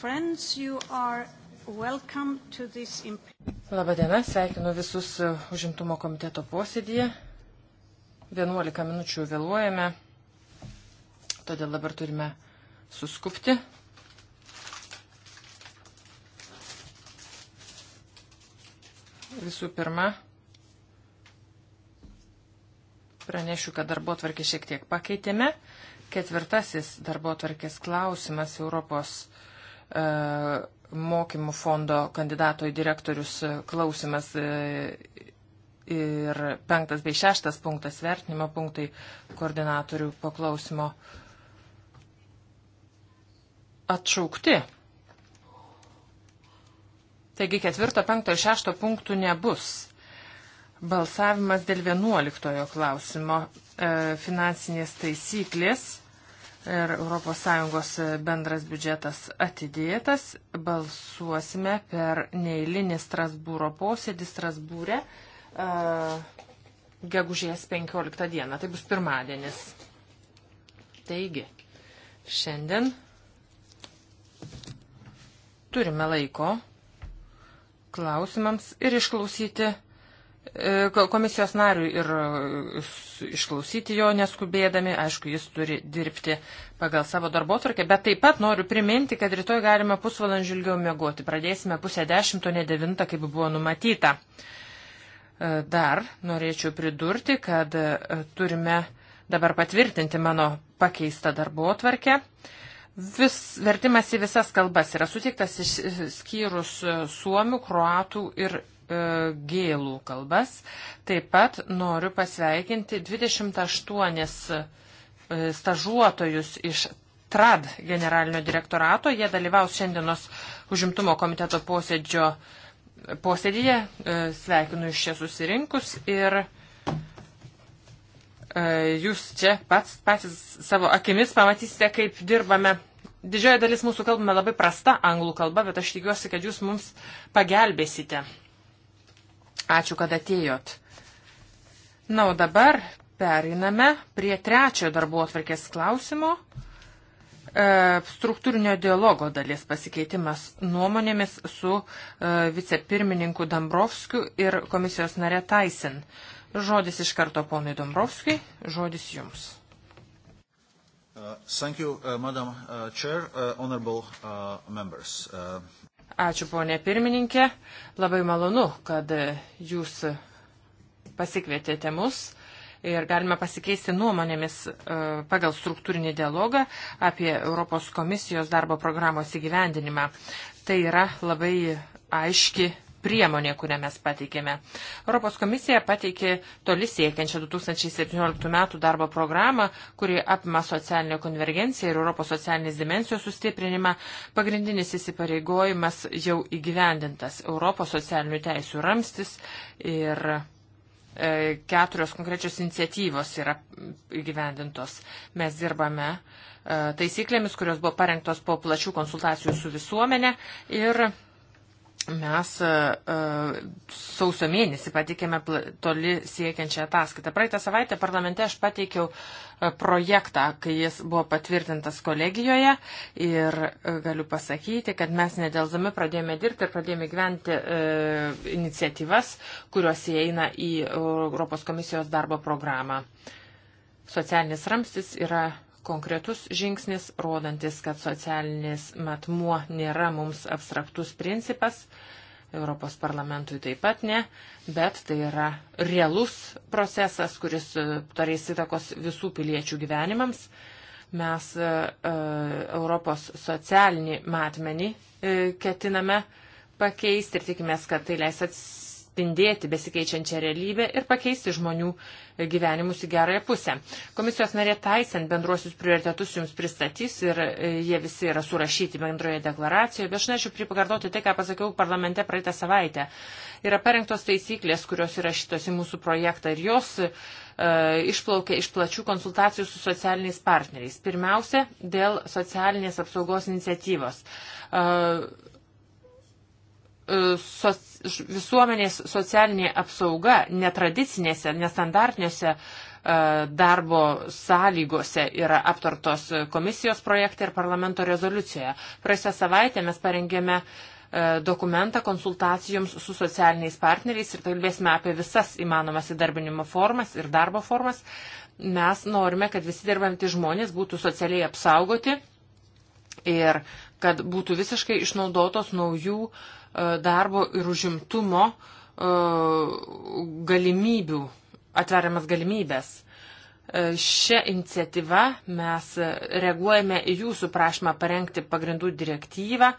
friends, you are welcome to this. Labadiena, sveikinu visus e, užimtumo komiteto posėdėje. 11 minučių vėluojame, todėl dabar turime suskupti. Visų pirma, pranešiu, kad darbo tvarkį šiek tiek pakeitėme. Ketvirtasis darbo tvarkės klausimas Europos E, mokymų fondo kandidato į direktorius klausimas e, ir penktas bei šeštas punktas vertinimo punktai koordinatorių paklausimo atšaukti. Taigi ketvirto, penkto ir šešto punktų nebus. Balsavimas dėl vienuoliktojo klausimo e, finansinės taisyklės ir ES bendras biudžetas atidėtas. Balsuosime per neįlinį Strasbūro posėdį Strasbūrę uh, gegužės 15 dieną. Tai bus pirmadienis. Taigi, šiandien turime laiko klausimams ir išklausyti E, komisijos nariui ir e, išklausyti jo neskubėdami, aišku, jis turi dirbti pagal savo darbo tvarkę, bet taip pat noriu priminti, kad rytoj galima pusvalandžių ilgiau mėgoti. Pradėsime pusę dešimto, ne devintą, kaip buvo numatyta. E, dar norėčiau pridurti, kad turime dabar patvirtinti mano pakeistą darbo tvarkę. Vis, vertimas į visas kalbas yra sutiktas išskyrus suomių, kruatų ir E, gėlų kalbas. Taip pat noriu pasveikinti 28 e, stažuotojus iš TRAD generalinio direktorato. Jie dalyvaus šiandienos užimtumo komiteto posėdžio posėdėje. E, sveikinu iš čia susirinkus ir jūs čia pats, patys savo akimis pamatysite, kaip dirbame Didžioji dalis mūsų kalbame labai prasta anglų kalba, bet aš tikiuosi, kad jūs mums pagelbėsite. Ačiū, kad atėjot. Na, o dabar periname prie trečiojo darbo atvarkės klausimo e, struktūrinio dialogo dalies pasikeitimas nuomonėmis su e, vicepirmininku Dambrovskiu ir komisijos nare Taisin. Žodis iš karto ponui Dombrovskijui, žodis jums. Uh, thank you, uh, Madam uh, Chair, uh, honorable uh, members. Uh, Ačiū, ponė pirmininkė. Labai malonu, kad jūs pasikvietėte mus ir galime pasikeisti nuomonėmis e, pagal struktūrinį dialogą apie Europos komisijos darbo programos įgyvendinimą. Tai yra labai aiški priemonė, kurią mes pateikėme. Europos komisija pateikė toli siekiančią 2017 metų darbo programą, kuri apima socialinę konvergenciją ir Europos socialinės dimensijos sustiprinimą. Pagrindinis įsipareigojimas jau įgyvendintas Europos socialinių teisų ramstis ir e, keturios konkrečios iniciatyvos yra įgyvendintos. Mes dirbame e, taisyklėmis, kurios buvo parengtos po plačių konsultacijų su visuomenė ir Mes uh, sausio mėnesį patikėme toli siekiančią ataskaitą. Praeitą savaitę parlamente aš pateikiau uh, projektą, kai jis buvo patvirtintas kolegijoje ir uh, galiu pasakyti, kad mes nedelzami pradėjome dirbti ir pradėjome gyventi uh, iniciatyvas, kurios įeina į Europos komisijos darbo programą. Socialinis ramstis yra konkretus žingsnis, rodantis, kad socialinis matmuo nėra mums abstraktus principas, Europos parlamentui taip pat ne, bet tai yra realus procesas, kuris e, turės įtakos visų piliečių gyvenimams. Mes e, e, Europos socialinį matmenį e, ketiname pakeisti ir tikimės, kad tai leis atsitikti atspindėti besikeičiančią realybę ir pakeisti žmonių gyvenimus į gerąją pusę. Komisijos narė Taisen bendruosius prioritetus jums pristatys ir e, jie visi yra surašyti bendroje deklaracijoje, bet aš norėčiau pripakartoti tai, ką pasakiau parlamente praeitą savaitę. Yra parengtos taisyklės, kurios yra šitos į mūsų projektą ir jos e, išplaukia iš plačių konsultacijų su socialiniais partneriais. Pirmiausia, dėl socialinės apsaugos iniciatyvos. E, E, soc, visuomenės socialinė apsauga netradicinėse, nestandartinėse e, darbo sąlygose yra aptartos komisijos projektai ir parlamento rezoliucijoje. Praėjusią savaitę mes parengėme e, dokumentą konsultacijoms su socialiniais partneriais ir kalbėsime apie visas įmanomas įdarbinimo formas ir darbo formas. Mes norime, kad visi dirbantys žmonės būtų socialiai apsaugoti ir kad būtų visiškai išnaudotos naujų uh, E, darbo ir užimtumo e, galimybių, atveriamas galimybės. E, Šią iniciatyvą mes reaguojame į jūsų prašymą parengti pagrindų direktyvą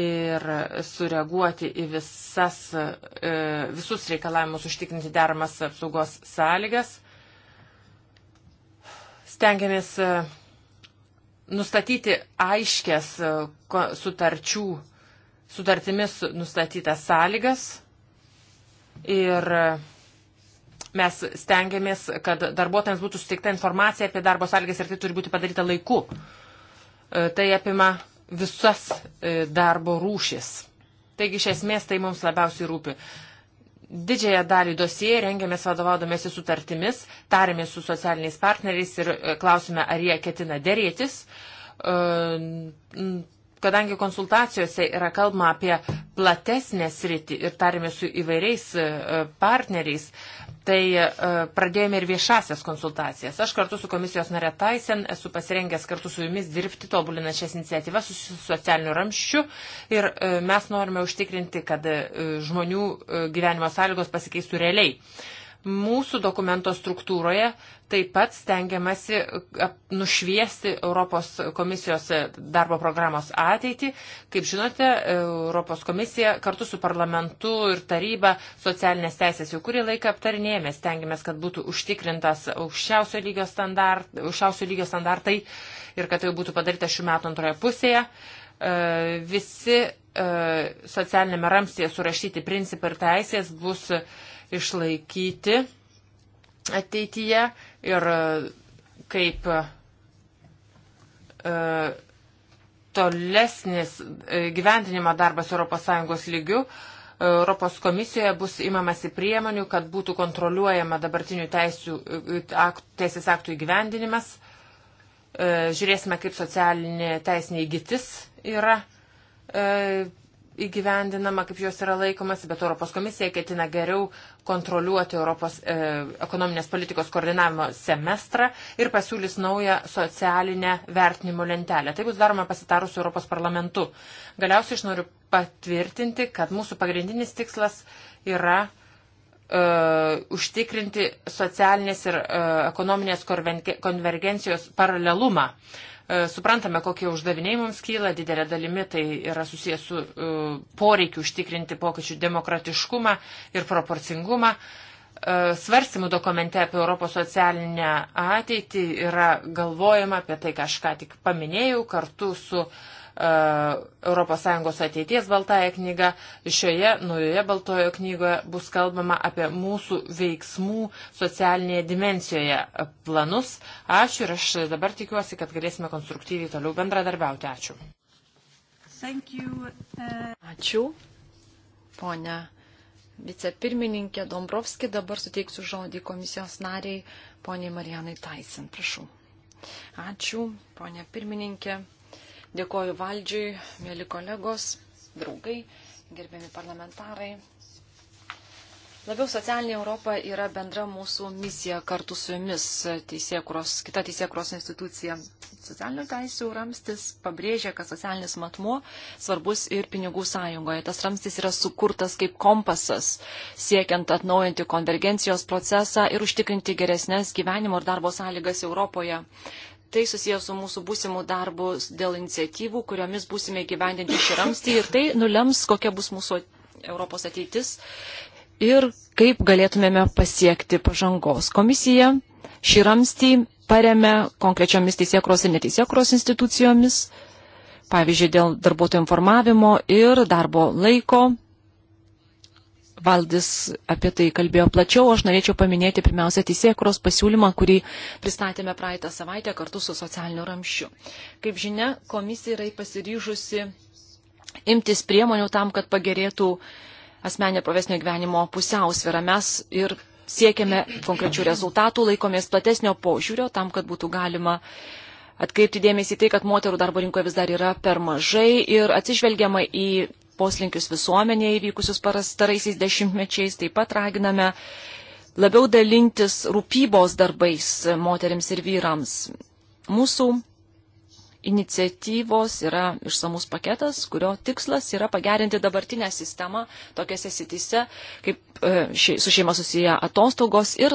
ir sureaguoti į visas, visus reikalavimus užtikrinti deramas apsaugos sąlygas. Stengiamės nustatyti aiškės sutarčių sutartimis nustatytas sąlygas ir mes stengiamės, kad darbuotojams būtų suteikta informacija apie darbo sąlygas ir tai turi būti padaryta laiku. E, tai apima visas e, darbo rūšis. Taigi iš esmės tai mums labiausiai rūpi. Didžiąją dalį dosijai rengiamės vadovaudomėsi sutartimis, tarėmės su socialiniais partneriais ir e, klausime, ar jie ketina dėrėtis kadangi konsultacijose yra kalbama apie platesnę sritį ir tarėme su įvairiais e, partneriais, tai e, pradėjome ir viešasias konsultacijas. Aš kartu su komisijos nare Taisen esu pasirengęs kartu su jumis dirbti, tobulinant šias iniciatyvas su socialiniu ramščiu ir e, mes norime užtikrinti, kad žmonių gyvenimo sąlygos pasikeistų realiai. Mūsų dokumento struktūroje taip pat stengiamasi e, nušviesti Europos komisijos darbo programos ateitį. Kaip žinote, Europos komisija kartu su parlamentu ir taryba socialinės teisės jau kurį laiką aptarinėjame, stengiamės, kad būtų užtikrintas aukščiausio lygio, standart, aukščiausio lygio standartai ir kad tai būtų padaryta šių metų antroje pusėje e, visi e, socialinėme ramstėje surašyti principai ir teisės bus išlaikyti ateityje ir e, kaip e, tolesnis e, gyventinimo darbas ES lygių. Europos komisijoje bus imamasi priemonių, kad būtų kontroliuojama dabartinių teisių, akt, teisės aktų įgyvendinimas. Žiūrėsime, kaip socialinė teisinė įgytis yra įgyvendinama, kaip jos yra laikomas, bet Europos komisija ketina geriau kontroliuoti Europos e, ekonominės politikos koordinavimo semestrą ir pasiūlys naują socialinę vertinimo lentelę. Tai bus daroma pasitarus su Europos parlamentu. Galiausiai aš noriu patvirtinti, kad mūsų pagrindinis tikslas yra Uh, užtikrinti socialinės ir uh, ekonominės konvergencijos paralelumą. Uh, E, suprantame, kokie uždaviniai mums kyla, didelė dalimi tai yra susijęs su e, poreikiu užtikrinti pokyčių demokratiškumą ir proporcingumą. E, svarstymų dokumente apie Europos socialinę ateitį yra galvojama apie tai, ką aš ką tik paminėjau, kartu su uh, ES ateities baltąją knygą. Šioje naujoje baltojo knygoje bus kalbama apie mūsų veiksmų socialinėje dimencijoje planus. Ačiū ir aš dabar tikiuosi, kad galėsime konstruktyviai toliau bendradarbiauti. Ačiū. You, uh... Ačiū, ponia vicepirmininkė Dombrovski. Dabar suteiksiu žodį komisijos nariai, poniai Marijanai Taisin. Prašau. Ačiū, ponia pirmininkė. Dėkoju valdžiui, mėly kolegos, draugai, gerbiami parlamentarai. Labiau socialinė Europa yra bendra mūsų misija kartu su jumis, teisėkuros, kita teisėkuros institucija. Socialinių teisų ramstis pabrėžia, kad socialinis matmuo svarbus ir pinigų sąjungoje. Tas ramstis yra sukurtas kaip kompasas, siekiant atnaujinti konvergencijos procesą ir užtikrinti geresnės gyvenimo ir darbo sąlygas Europoje tai susijęs su mūsų būsimų darbų dėl iniciatyvų, kuriomis būsime gyvendinti šį ramstį ir tai nulems, kokia bus mūsų Europos ateitis ir kaip galėtumėme pasiekti pažangos. Komisija šį ramstį paremė konkrečiomis teisėkros ir neteisėkros institucijomis, pavyzdžiui, dėl darbuotojų informavimo ir darbo laiko Valdis apie tai kalbėjo plačiau, aš norėčiau paminėti pirmiausia teisėkuros pasiūlymą, kurį pristatėme praeitą savaitę kartu su socialiniu ramščiu. Kaip žinia, komisija yra pasiryžusi imtis priemonių tam, kad pagerėtų asmenė profesinio gyvenimo pusiausvėra. Mes ir siekiame konkrečių rezultatų, laikomės platesnio požiūrio tam, kad būtų galima atkreipti dėmesį tai, kad moterų darbo rinkoje vis dar yra per mažai ir atsižvelgiama į poslinkius visuomenėje įvykusius parastaraisiais dešimtmečiais. Taip pat raginame labiau dalintis rūpybos darbais moteriams ir vyrams. Mūsų iniciatyvos yra išsamus paketas, kurio tikslas yra pagerinti dabartinę sistemą tokiose sitise, kaip e, ši, su šeima susiję atostogos ir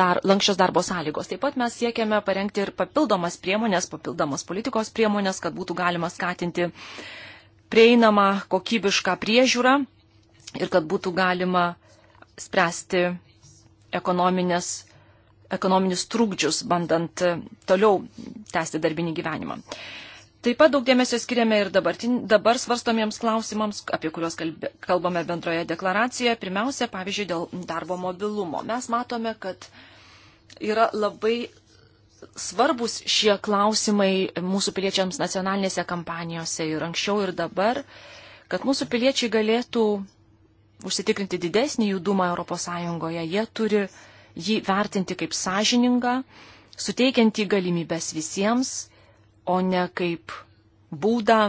dar, lankščios darbo sąlygos. Taip pat mes siekiame parengti ir papildomas priemonės, papildomas politikos priemonės, kad būtų galima skatinti uh, prieinamą kokybišką priežiūrą ir kad būtų galima spręsti ekonominius trūkdžius, bandant e, toliau tęsti darbinį gyvenimą. Taip pat daug dėmesio skiriame ir dabar, dabar svarstomiems klausimams, apie kuriuos kalbė, kalbame bendroje deklaracijoje. Pirmiausia, pavyzdžiui, dėl darbo mobilumo. Mes matome, kad yra labai svarbus šie klausimai mūsų piliečiams nacionalinėse kampanijose ir anksčiau ir dabar, kad mūsų piliečiai galėtų užsitikrinti didesnį judumą ES, jie turi jį vertinti kaip sąžiningą, suteikiantį galimybės visiems, o ne kaip būdą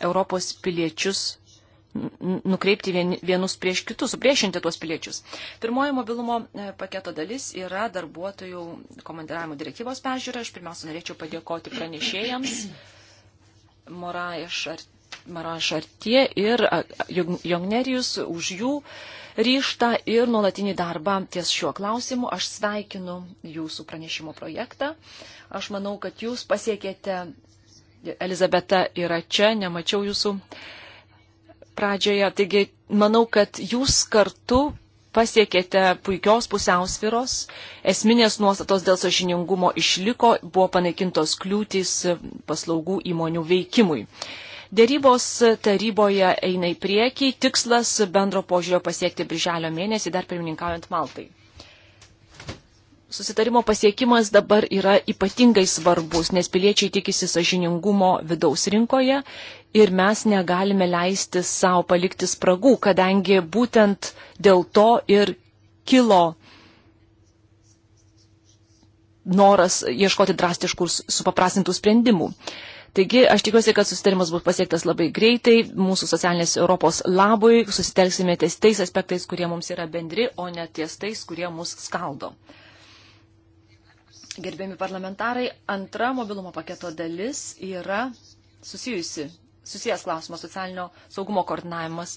Europos piliečius nukreipti vienus prieš kitus, supriešinti tuos piliečius. Pirmoji mobilumo e, paketo dalis yra darbuotojų komandiravimo direktyvos peržiūra. Aš pirmiausia norėčiau padėkoti pranešėjams Maraš Artie ir Jognerijus už jų ryštą ir nuolatinį darbą ties šiuo klausimu. Aš sveikinu jūsų pranešimo projektą. Aš manau, kad jūs pasiekėte, Elizabeta yra čia, nemačiau jūsų pradžioje. Taigi, manau, kad jūs kartu pasiekėte puikios pusiausviros, esminės nuostatos dėl sažiningumo išliko, buvo panaikintos kliūtis paslaugų įmonių veikimui. Dėrybos taryboje eina į priekį, tikslas bendro požiūrio pasiekti birželio mėnesį dar pirmininkaujant Maltai susitarimo pasiekimas dabar yra ypatingai svarbus, nes piliečiai tikisi sažiningumo vidaus rinkoje ir mes negalime leisti savo palikti spragų, kadangi būtent dėl to ir kilo noras ieškoti drastiškų supaprastintų sprendimų. Taigi aš tikiuosi, kad susitarimas bus pasiektas labai greitai, mūsų socialinės Europos labui, susitelksime ties tais aspektais, kurie mums yra bendri, o ne ties tais, kurie mus skaldo. Gerbiami parlamentarai, antra mobilumo paketo dalis yra susijusi, susijęs klausimas socialinio saugumo koordinavimas.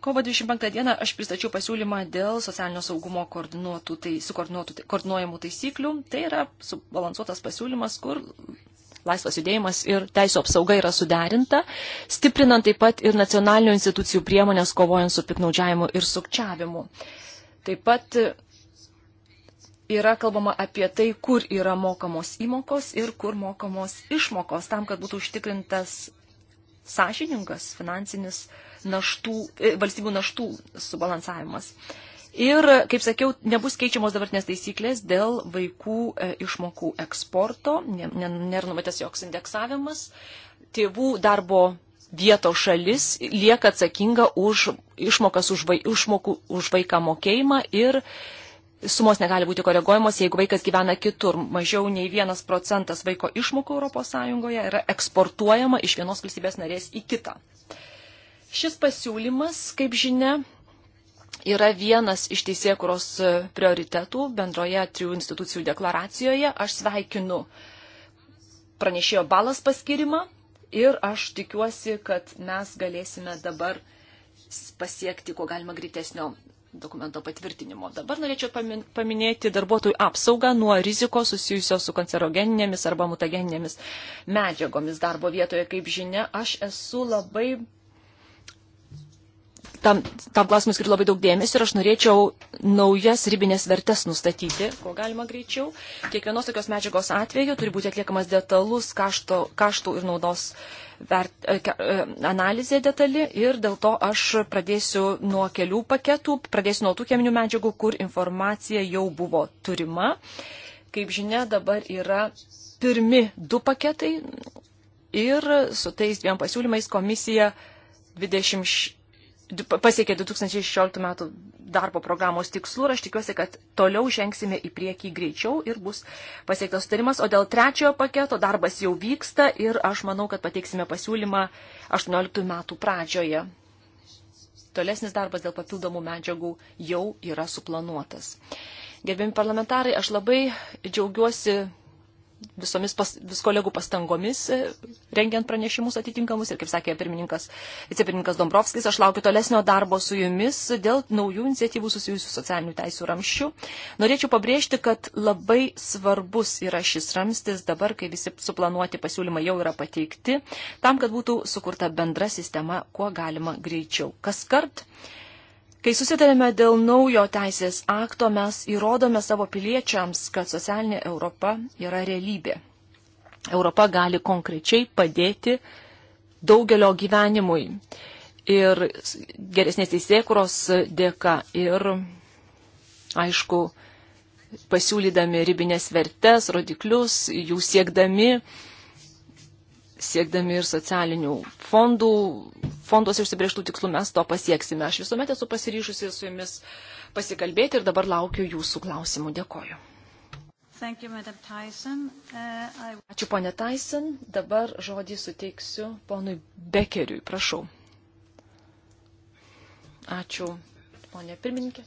Kovo 25 dieną aš pristačiau pasiūlymą dėl socialinio saugumo koordinuotų, tai, koordinuojamų taisyklių. Tai yra subalansuotas pasiūlymas, kur laisvas judėjimas ir teisų apsauga yra suderinta, stiprinant taip pat ir nacionalinių institucijų priemonės kovojant su piknaudžiavimu ir sukčiavimu. Taip pat yra kalbama apie tai, kur yra mokamos įmokos ir kur mokamos išmokos, tam, kad būtų užtikrintas sąžiningas finansinis naštų, e, valstybių naštų subalansavimas. Ir, kaip sakiau, nebus keičiamos dabartinės taisyklės dėl vaikų e, išmokų eksporto, nėra numatęs joks indeksavimas, tėvų darbo vietos šalis lieka atsakinga už išmokas už, vai, išmokų, už vaiką mokėjimą ir sumos negali būti koreguojamos, jeigu vaikas gyvena kitur. Mažiau nei vienas procentas vaiko išmokų ES yra eksportuojama iš vienos valstybės narės į kitą. Šis pasiūlymas, kaip žinia, yra vienas iš teisėkuros prioritetų bendroje trijų institucijų deklaracijoje. Aš sveikinu pranešėjo balas paskirimą ir aš tikiuosi, kad mes galėsime dabar pasiekti, kuo galima greitesnio dokumento patvirtinimo. Dabar norėčiau paminėti darbuotojų apsaugą nuo rizikos susijusios su kancerogeninėmis arba mutageninėmis medžiagomis darbo vietoje. Kaip žinia, aš esu labai tam, tam klausimui skiriu labai daug dėmesio ir aš norėčiau naujas ribinės vertes nustatyti, kuo galima greičiau. Kiekvienos tokios medžiagos atveju turi būti atliekamas detalus kašto, kaštų ir naudos vert, e, e, analizė detali ir dėl to aš pradėsiu nuo kelių paketų, pradėsiu nuo tų cheminių medžiagų, kur informacija jau buvo turima. Kaip žinia, dabar yra pirmi du paketai ir su tais dviem pasiūlymais komisija 26 pasiekė 2016 metų darbo programos tikslų ir aš tikiuosi, kad toliau žengsime į priekį greičiau ir bus pasiektas sutarimas. O dėl trečiojo paketo darbas jau vyksta ir aš manau, kad pateiksime pasiūlymą 18 metų pradžioje. Tolesnis darbas dėl papildomų medžiagų jau yra suplanuotas. Gerbėmi parlamentarai, aš labai džiaugiuosi visomis pas, vis kolegų pastangomis e, rengiant pranešimus atitinkamus. Ir kaip sakė pirmininkas, vicepirmininkas Dombrovskis, aš laukiu tolesnio darbo su jumis dėl naujų iniciatyvų susijusių socialinių teisų ramščių. Norėčiau pabrėžti, kad labai svarbus yra šis ramstis dabar, kai visi suplanuoti pasiūlymai jau yra pateikti, tam, kad būtų sukurta bendra sistema, kuo galima greičiau. Kas kart Kai susitarėme dėl naujo teisės akto, mes įrodome savo piliečiams, kad socialinė Europa yra realybė. Europa gali konkrečiai padėti daugelio gyvenimui ir geresnės teisėkuros dėka ir, aišku, pasiūlydami ribinės vertes, rodiklius, jų siekdami, siekdami ir socialinių fondų, fonduose užsibrieštų tikslų mes to pasieksime. Aš visuomet esu pasiryžusi su jumis pasikalbėti ir dabar laukiu jūsų klausimų. Dėkoju. Thank you, Tyson. Uh, I... Ačiū, ponė Tyson. Dabar žodį suteiksiu ponui Bekeriui. Prašau. Ačiū, ponė pirmininkė.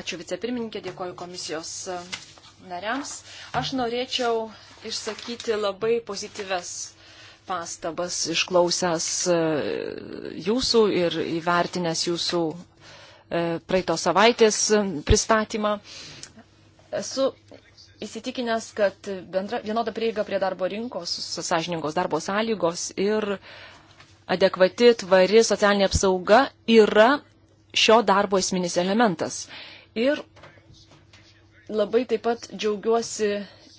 Ačiū, vicepirmininkė. Dėkoju komisijos uh, nariams. Aš norėčiau išsakyti labai pozityves pastabas, išklausęs e, jūsų ir įvertinęs jūsų e, praeito savaitės e, pristatymą. Esu įsitikinęs, kad bendra, vienoda prieiga prie darbo rinkos, sąžiningos darbo sąlygos ir adekvati, tvari socialinė apsauga yra šio darbo esminis elementas. Ir labai taip pat džiaugiuosi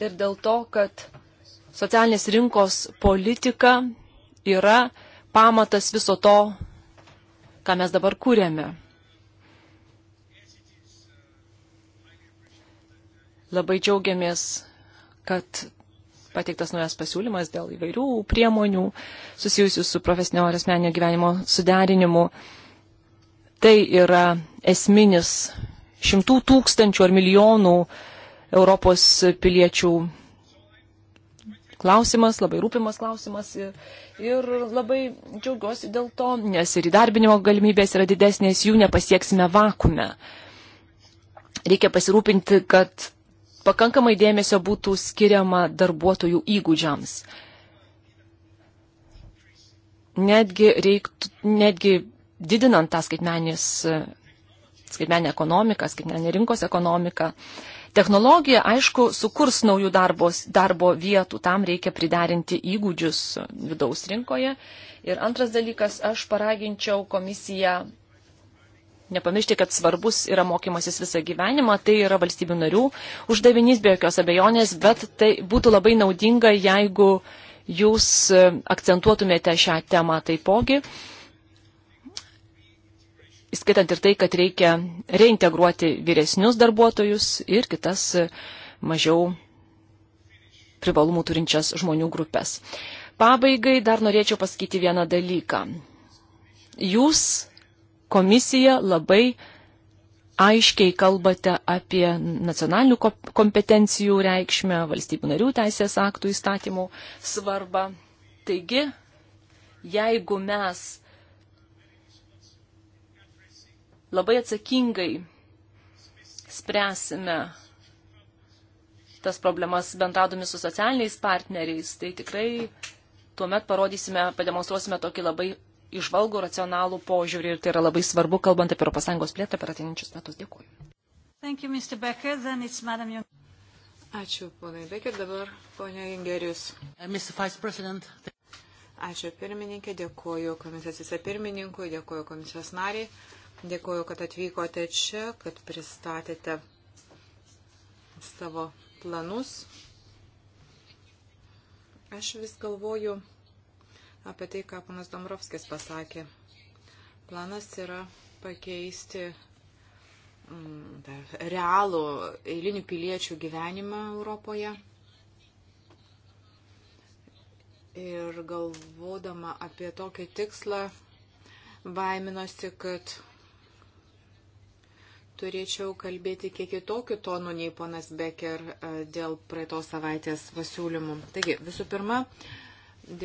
ir dėl to, kad socialinės rinkos politika yra pamatas viso to, ką mes dabar kūrėme. Labai džiaugiamės, kad pateiktas naujas pasiūlymas dėl įvairių priemonių susijusių su profesinio ir asmeninio gyvenimo suderinimu. Tai yra esminis šimtų tūkstančių ar milijonų uh, Europos piliečių klausimas, labai rūpimas klausimas ir, ir labai džiaugiuosi dėl to, nes ir įdarbinimo galimybės yra didesnės, jų nepasieksime vakume. Reikia pasirūpinti, kad pakankamai dėmesio būtų skiriama darbuotojų įgūdžiams. Netgi, reiktų, netgi didinant tą skaitmenės, skaitmenę ekonomiką, skaitmenę rinkos ekonomiką, uh, Technologija, aišku, sukurs naujų darbos, darbo vietų, tam reikia priderinti įgūdžius vidaus rinkoje. Ir antras dalykas, aš paraginčiau komisiją Nepamiršti, kad svarbus yra mokymasis visą gyvenimą, tai yra valstybių narių uždavinys be jokios abejonės, bet tai būtų labai naudinga, jeigu jūs akcentuotumėte šią temą taipogi įskaitant ir tai, kad reikia reintegruoti vyresnius darbuotojus ir kitas mažiau privalumų turinčias žmonių grupės. Pabaigai dar norėčiau pasakyti vieną dalyką. Jūs, komisija, labai aiškiai kalbate apie nacionalinių kompetencijų reikšmę, valstybių narių teisės aktų įstatymų svarbą. Taigi, jeigu mes labai atsakingai spręsime tas problemas bendraudami su socialiniais partneriais, tai tikrai tuomet parodysime, pademonstruosime tokį labai išvalgų racionalų požiūrį ir tai yra labai svarbu, kalbant apie ES plėtrą per ateinančius metus. Dėkuoju. Thank you, Mr. Becker. Then it's Madam Jung. Ačiū, ponai Becker. Dabar ponia Jungerius. Uh, Mr. Vice President. Ačiū pirmininkė, dėkuoju komisijos visą pirmininkui, dėkuoju komisijos nariai. Dėkuoju, kad atvykote čia, kad pristatėte savo planus. Aš vis galvoju apie tai, ką panas Domrovskis pasakė. Planas yra pakeisti mm, realų eilinių piliečių gyvenimą Europoje. Ir galvodama apie tokį tikslą, baiminosi, kad Turėčiau kalbėti kiek į tokių tonų nei ponas Becker e, dėl praeitos savaitės pasiūlymų. Taigi, visų pirma,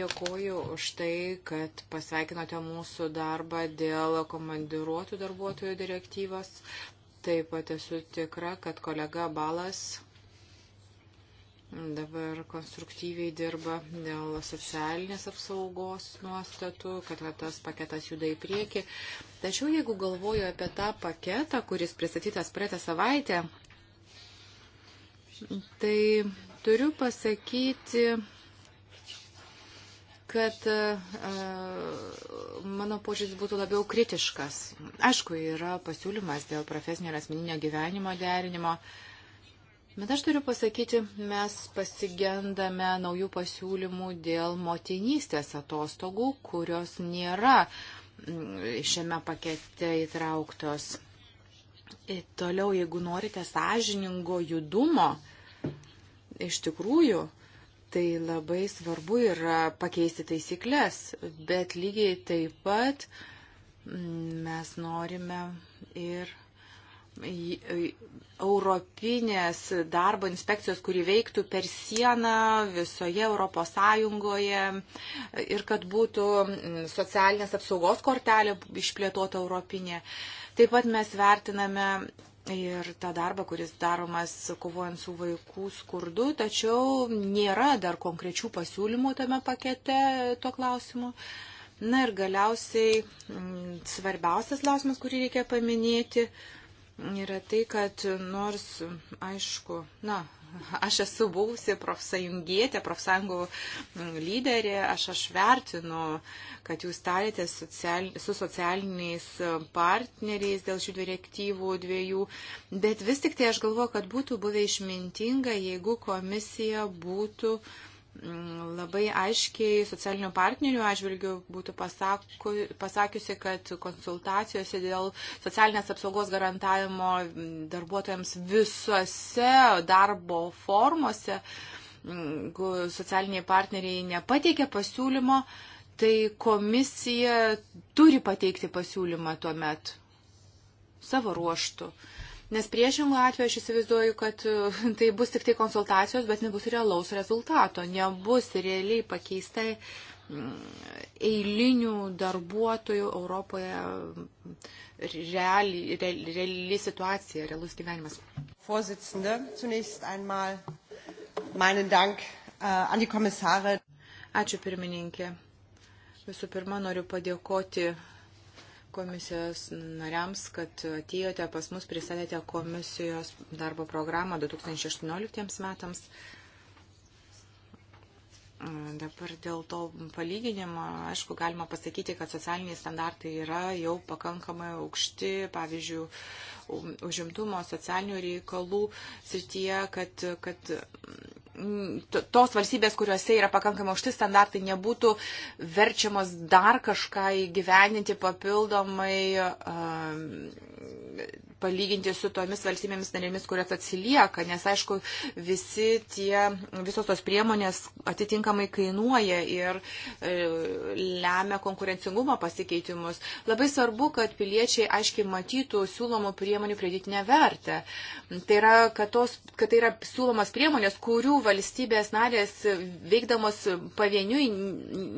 dėkoju už tai, kad pasveikinote mūsų darbą dėl komandiruotų darbuotojų direktyvos. Taip pat esu tikra, kad kolega Balas dabar konstruktyviai dirba dėl socialinės apsaugos nuostatų, kad tas paketas juda į priekį. Tačiau jeigu galvoju apie tą paketą, kuris pristatytas praeitą savaitę, tai turiu pasakyti, kad e, mano požiūris būtų labiau kritiškas. Aišku, yra pasiūlymas dėl profesinio ir asmeninio gyvenimo derinimo. A, Bet aš turiu pasakyti, mes pasigendame naujų pasiūlymų dėl motinystės atostogų, kurios nėra mm, šiame pakete įtrauktos. Ir toliau, jeigu norite sąžiningo judumo, iš tikrųjų, tai labai svarbu yra pakeisti taisyklės, bet lygiai taip pat mm, mes norime ir Europinės darbo inspekcijos, kuri veiktų per sieną visoje Europos Sąjungoje ir kad būtų mm, socialinės apsaugos kortelė išplėtota Europinė. Taip pat mes vertiname ir tą darbą, kuris daromas kovojant su vaikų skurdu, tačiau nėra dar konkrečių pasiūlymų tame pakete tuo klausimu. Na ir galiausiai mm, svarbiausias klausimas, kurį reikia paminėti, yra tai, kad nors, aišku, na, aš esu buvusi profsąjungietė, profsąjungų lyderė, aš aš vertinu, kad jūs tarėte social, su socialiniais partneriais dėl šių direktyvų dviejų, bet vis tik tai aš galvoju, kad būtų buvę išmintinga, jeigu komisija būtų uh, Mm, labai aiškiai socialinių partnerių atžvilgių būtų pasaku, pasakiusi, kad konsultacijose dėl socialinės apsaugos garantavimo darbuotojams visuose darbo formose, socialiniai partneriai nepateikė pasiūlymo, tai komisija turi pateikti pasiūlymą tuo metu savo ruoštų. Nes priešingų atveju aš įsivaizduoju, kad e, tai bus tik tai konsultacijos, bet nebus realaus rezultato, nebus realiai pakeista mm, eilinių darbuotojų Europoje mm, reali, reali, reali situacija, realus gyvenimas. Vorsitzende, zunächst einmal meinen Dank uh, an die Kommissare. Ačiū pirmininkė. Visų pirma, noriu padėkoti komisijos nariams, kad atėjote pas mus, pristatėte komisijos darbo programą 2018 metams. Dabar dėl to palyginimo, aišku, galima pasakyti, kad socialiniai standartai yra jau pakankamai aukšti, pavyzdžiui, užimtumo socialinių reikalų srityje, kad, kad tos valstybės, kuriuose yra pakankamai aukšti standartai, nebūtų verčiamas dar kažką įgyveninti papildomai, um, palyginti su tomis valstybėmis narėmis, kurios atsilieka, nes aišku, visi tie, visos tos priemonės atitinkamai kainuoja ir e, lemia konkurencingumo pasikeitimus. Labai svarbu, kad piliečiai aiškiai matytų siūlomų priemonių pridėtinę vertę. Tai yra, kad, tos, kad tai yra siūlomas priemonės, kurių valstybės narės veikdamos pavieniui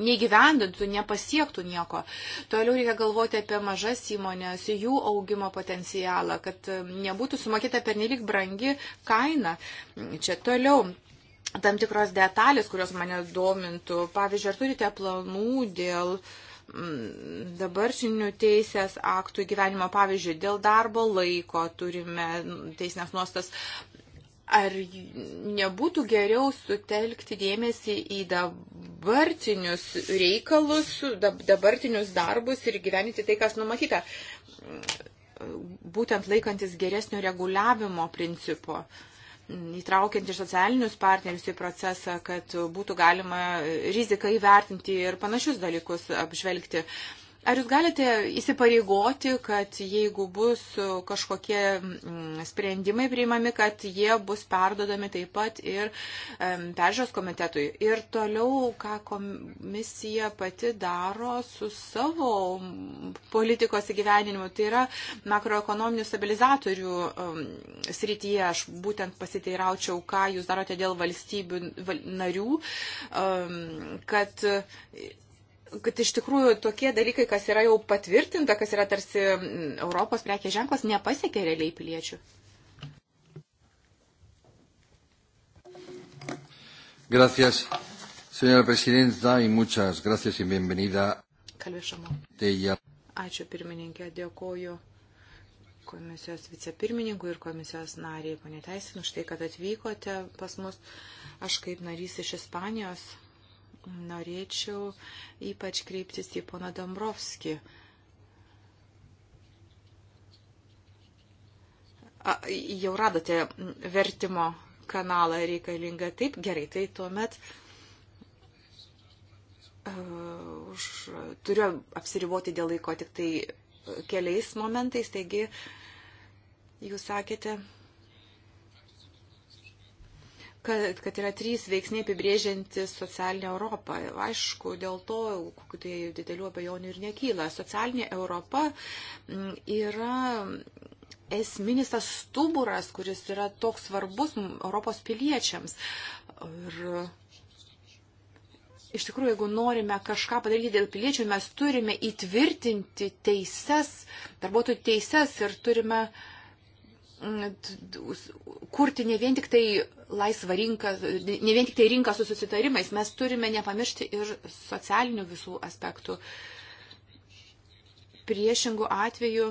negyvendintų, nepasiektų nieko. Toliau reikia galvoti apie mažas įmonės, jų augimo potencialą, kad nebūtų sumokėta pernelik brangi kaina. Čia toliau tam tikros detalės, kurios mane domintų. Pavyzdžiui, ar turite planų dėl mm, dabartinių teisės aktų gyvenimo, pavyzdžiui, dėl darbo laiko turime teisinės nuostas, ar nebūtų geriau sutelkti dėmesį į dabartinius reikalus, dabartinius darbus ir gyventi tai, kas numatyta, būtent laikantis geresnio reguliavimo principo, įtraukiant ir socialinius partnerius į procesą, kad būtų galima riziką įvertinti ir panašius dalykus apžvelgti. Uh, Ar jūs galite įsipareigoti, kad jeigu bus kažkokie mm, sprendimai priimami, kad jie bus perdodami taip pat ir peržiūros komitetui? Ir toliau, ką komisija pati daro su savo politikos įgyveninimu, tai yra makroekonominių stabilizatorių srityje. Aš būtent pasiteiraučiau, ką jūs darote dėl valstybių narių, kad kad iš tikrųjų tokie dalykai, kas yra jau patvirtinta, kas yra tarsi Europos prekės ženklas, nepasiekia realiai piliečių. Gracias, señora presidenta, y muchas gracias y bienvenida. Kalvišamo. Ačiū pirmininkė, dėkoju komisijos vicepirmininkui ir komisijos nariai, ponė Teisin, už tai, kad atvykote pas mus. Aš kaip narys iš Ispanijos norėčiau ypač kreiptis į poną Dombrovskį. A, jau radote vertimo kanalą reikalingą. Taip, gerai, tai tuomet uh, už, turiu apsiriboti dėl laiko tik tai keliais momentais. Taigi, jūs sakėte, kad, kad yra trys veiksniai apibrėžiantys socialinę Europą. Aišku, dėl to kokių tai didelių abejonių ir nekyla. Socialinė Europa mm, yra esminis tas stuburas, kuris yra toks svarbus Europos piliečiams. Ir iš tikrųjų, jeigu norime kažką padaryti dėl piliečių, mes turime įtvirtinti teises, darbuotojų teises ir turime uh, kurti ne vien tik tai laisvą rinką, ne vien tik tai rinką su susitarimais, mes turime nepamiršti ir socialinių visų aspektų. Priešingų atveju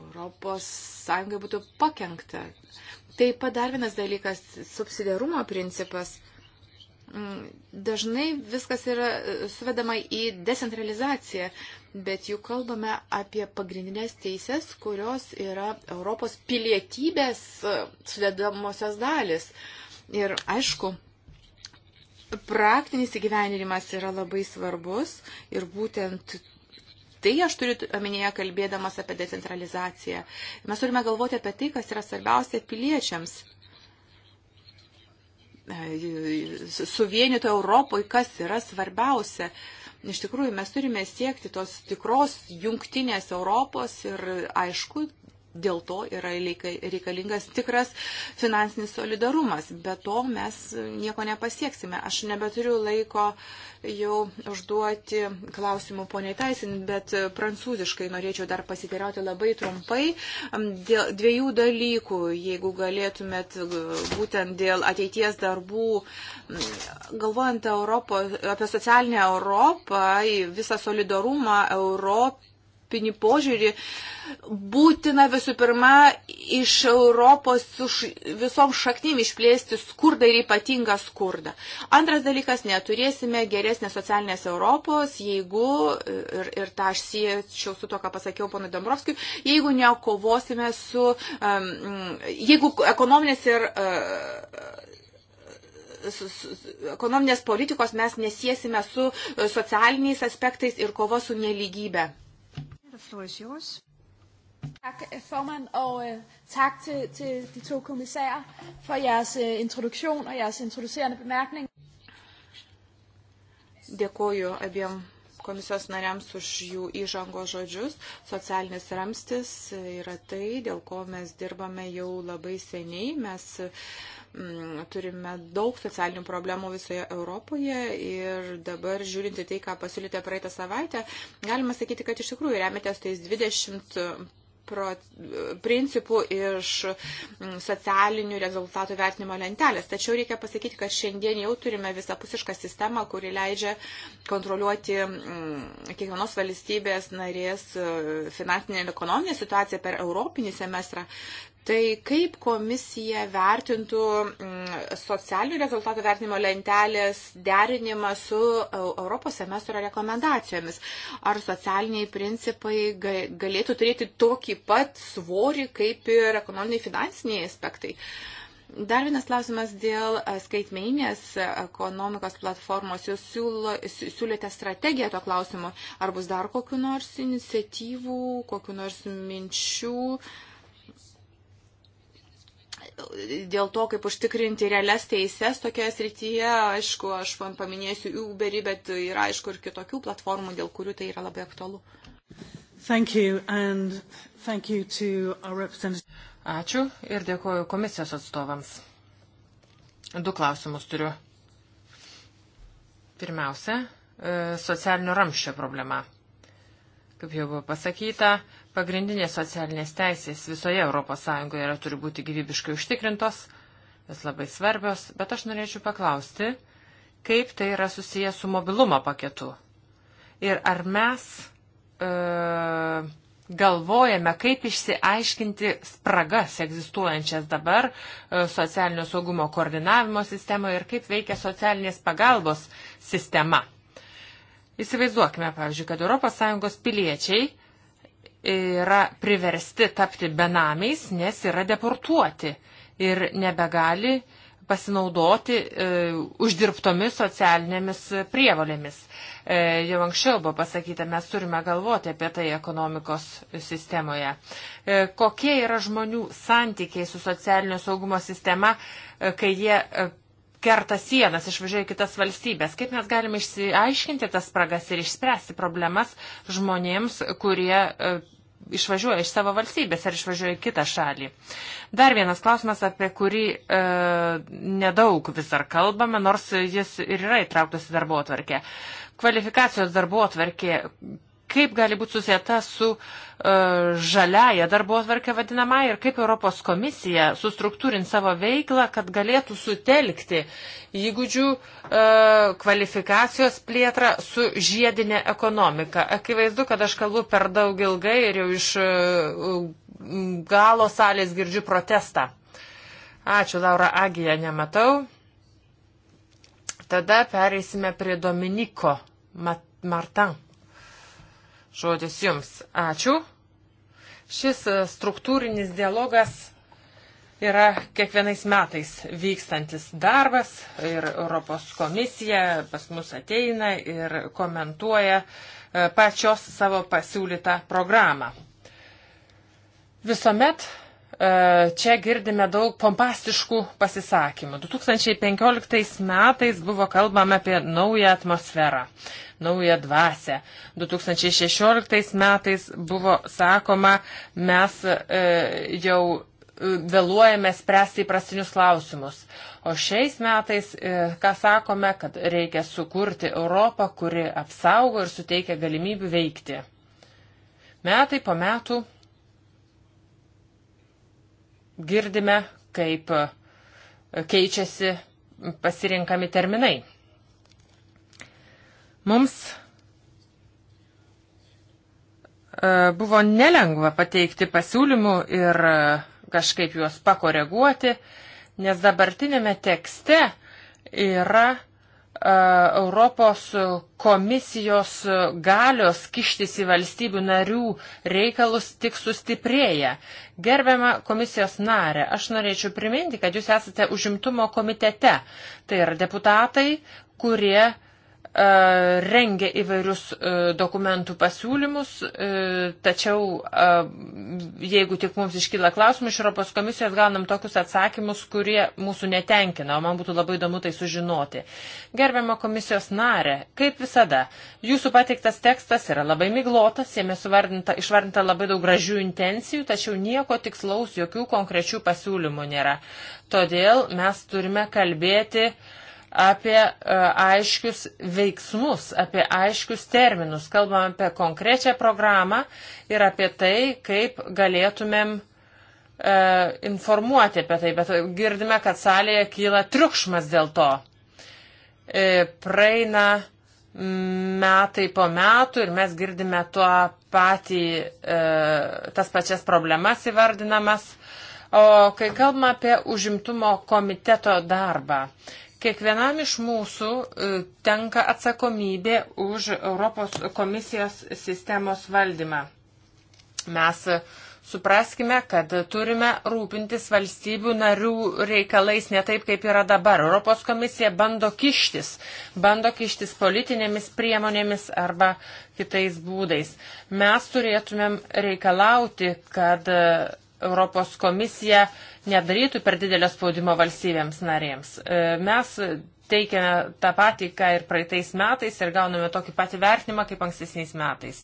Europos Sąjunga būtų pakengta. Taip pat dar vienas dalykas - subsidiarumo principas. Mm, dažnai viskas yra e, suvedama į decentralizaciją, bet juk kalbame apie pagrindinės teises, kurios yra Europos pilietybės e, sudedamosios dalis. Ir aišku, praktinis įgyveninimas yra labai svarbus ir būtent Tai aš turiu omenyje kalbėdamas apie decentralizaciją. Mes turime galvoti apie tai, kas yra svarbiausia piliečiams. E, suvienyto Europoje, kas yra svarbiausia. Iš tikrųjų, mes turime siekti tos tikros jungtinės Europos ir aišku, dėl to yra reikalingas tikras finansinis solidarumas. Be to mes nieko nepasieksime. Aš nebeturiu laiko jau užduoti klausimų poniai Taisin, bet prancūziškai norėčiau dar pasiteirauti labai trumpai. Dėl dviejų dalykų, jeigu galėtumėt būtent dėl ateities darbų, galvojant Europo, apie socialinę Europą, visą solidarumą Europą europinį požiūrį, būtina visų pirma iš Europos už visom šaknim išplėsti skurdą ir ypatingą skurdą. Antras dalykas, neturėsime geresnės socialinės Europos, jeigu, ir, ir tą aš siečiau su to, ką pasakiau ponui Dombrovskijui, jeigu nekovosime su, um, jeigu ekonominės ir. Uh, ekonominės politikos mes nesiesime su e, socialiniais aspektais ir kova su neligybė. The floor is yours. Tak, eh, formand, og øh, tak til, til de to kommissærer for jeres øh, introduktion og jeres introducerende bemærkning. Dėkoju abiem komisijos nariams už jų įžango žodžius. Socialinis ramstis yra tai, dėl ko mes dirbame jau labai seniai. Mes mm, turime daug socialinių problemų visoje Europoje ir dabar žiūrinti tai, ką pasiūlėte praeitą savaitę, galima sakyti, kad iš tikrųjų remetės tais 20 pro, principų iš mm, socialinių rezultatų vertinimo lentelės. Tačiau reikia pasakyti, kad šiandien jau turime visapusišką sistemą, kuri leidžia kontroliuoti mm, kiekvienos valstybės narės e, finansinę ir ekonominę situaciją per Europinį semestrą. Tai kaip komisija vertintų mm, socialinių rezultatų vertinimo lentelės derinimą su e, Europos semestro rekomendacijomis? Ar socialiniai principai galėtų turėti tokį pat svorį kaip ir ekonominiai finansiniai aspektai? Dar vienas klausimas dėl e, skaitmeninės ekonomikos platformos. Jūs siūlo, siūlėte strategiją to klausimu. Ar bus dar kokiu nors iniciatyvų, kokiu nors minčių? Uh, dėl to, kaip užtikrinti realias teises tokioje srityje, aišku, aš man paminėsiu Uberį, bet yra aišku ir kitokių platformų, dėl kurių tai yra labai aktualu. Ačiū ir dėkoju komisijos atstovams. Du klausimus turiu. Pirmiausia, e, socialinio ramščio problema. Kaip jau buvo pasakyta, Pagrindinės socialinės teisės visoje ES yra turi būti gyvybiškai užtikrintos, vis labai svarbios, bet aš norėčiau paklausti, kaip tai yra susiję su mobilumo paketu. Ir ar mes e, galvojame, kaip išsiaiškinti spragas egzistuojančias dabar e, socialinio saugumo koordinavimo sistemoje ir kaip veikia socialinės pagalbos sistema. Įsivaizduokime, pavyzdžiui, kad ES piliečiai yra priversti tapti benamiais, nes yra deportuoti ir nebegali pasinaudoti e, uždirbtomis socialinėmis prievolėmis. E, jau anksčiau buvo pasakyta, mes turime galvoti apie tai ekonomikos sistemoje. E, kokie yra žmonių santykiai su socialinio saugumo sistema, e, kai jie e, kerta sienas, išvažiuoja į kitas valstybės. Kaip mes galime išsiaiškinti tas spragas ir išspręsti problemas žmonėms, kurie e, išvažiuoja iš savo valstybės ar išvažiuoja į kitą šalį. Dar vienas klausimas, apie kurį e, nedaug vis dar kalbame, nors jis ir yra įtrauktas į darbo atvarkę. Kvalifikacijos darbo atvarkė kaip gali būti susieta su uh, žaliaja darbo atvarkė vadinama ir kaip Europos komisija sustruktūrin savo veiklą, kad galėtų sutelkti įgūdžių uh, kvalifikacijos plėtrą su žiedinė ekonomika. Akivaizdu, kad aš kalbu per daug ilgai ir jau iš uh, galo salės girdžiu protestą. Ačiū, Laura Agija, nematau. Tada pereisime prie Dominiko Martin. Žodis jums. Ačiū. Šis e, struktūrinis dialogas yra kiekvienais metais vykstantis darbas ir Europos komisija pas mus ateina ir komentuoja e, pačios savo pasiūlytą programą. Visuomet E, čia girdime daug pompastiškų pasisakymų. 2015 metais buvo kalbama apie naują atmosferą, naują dvasę. 2016 metais buvo sakoma, mes e, jau e, vėluojame spręsti įprastinius klausimus. O šiais metais, ką sakome, kad reikia sukurti Europą, kuri apsaugo ir suteikia galimybių veikti. Metai po metų girdime, kaip e, keičiasi pasirinkami terminai. Mums e, buvo nelengva pateikti pasiūlymų ir e, kažkaip juos pakoreguoti, nes dabartinėme tekste yra Europos komisijos galios kištis į valstybių narių reikalus tik sustiprėja. Gerbiama komisijos narė, aš norėčiau priminti, kad jūs esate užimtumo komitete. Tai yra deputatai, kurie E, rengia įvairius e, dokumentų pasiūlymus, e, tačiau jeigu tik mums iškyla klausimų iš Europos komisijos, gaunam tokius atsakymus, kurie mūsų netenkina, o man būtų labai įdomu tai sužinoti. Gerbiamo komisijos narė, kaip visada, jūsų pateiktas tekstas yra labai myglotas, jame išvardinta labai daug gražių intencijų, tačiau nieko tikslaus, jokių konkrečių pasiūlymų nėra. Todėl mes turime kalbėti uh, apie e, aiškius veiksmus, apie aiškius terminus. Kalbam apie konkrečią programą ir apie tai, kaip galėtumėm e, informuoti apie tai, bet girdime, kad salėje kyla triukšmas dėl to. E, praeina mm, metai po metų ir mes girdime tuo patį, tas pačias problemas įvardinamas. O kai kalbame apie užimtumo komiteto darbą, Kiekvienam iš mūsų e, tenka atsakomybė už Europos komisijos sistemos valdymą. Mes supraskime, kad turime rūpintis valstybių narių reikalais ne taip, kaip yra dabar. Europos komisija bando kištis, bando kištis politinėmis priemonėmis arba kitais būdais. Mes turėtumėm reikalauti, kad Europos komisija nedarytų per didelio spaudimo valstybėms narėms. E, mes teikiame tą patį, ką ir praeitais metais ir gauname tokį patį vertinimą kaip ankstesniais metais.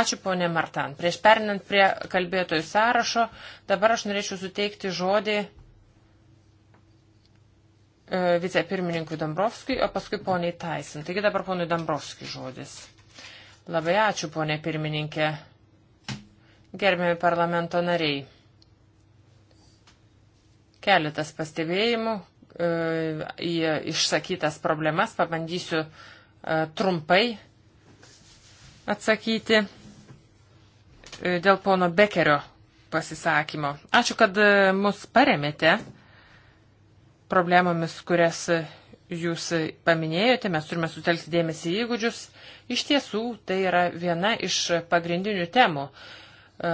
Ačiū ponė Martan. Prieš perinant prie kalbėtojų sąrašo, dabar aš norėčiau suteikti žodį e, vicepirmininkui Dombrovskijui, o paskui poniai Taisin. Taigi dabar ponui Dombrovskijui žodis. Labai ačiū, ponė pirmininkė. Gerbiami parlamento nariai. Keletas pastebėjimų e, į išsakytas problemas pabandysiu e, trumpai atsakyti e, dėl pono Bekerio pasisakymo. Ačiū, kad mus paremėte problemomis, kurias jūs paminėjote. Mes turime sutelkti dėmesį į įgūdžius. Iš tiesų, tai yra viena iš pagrindinių temų. E,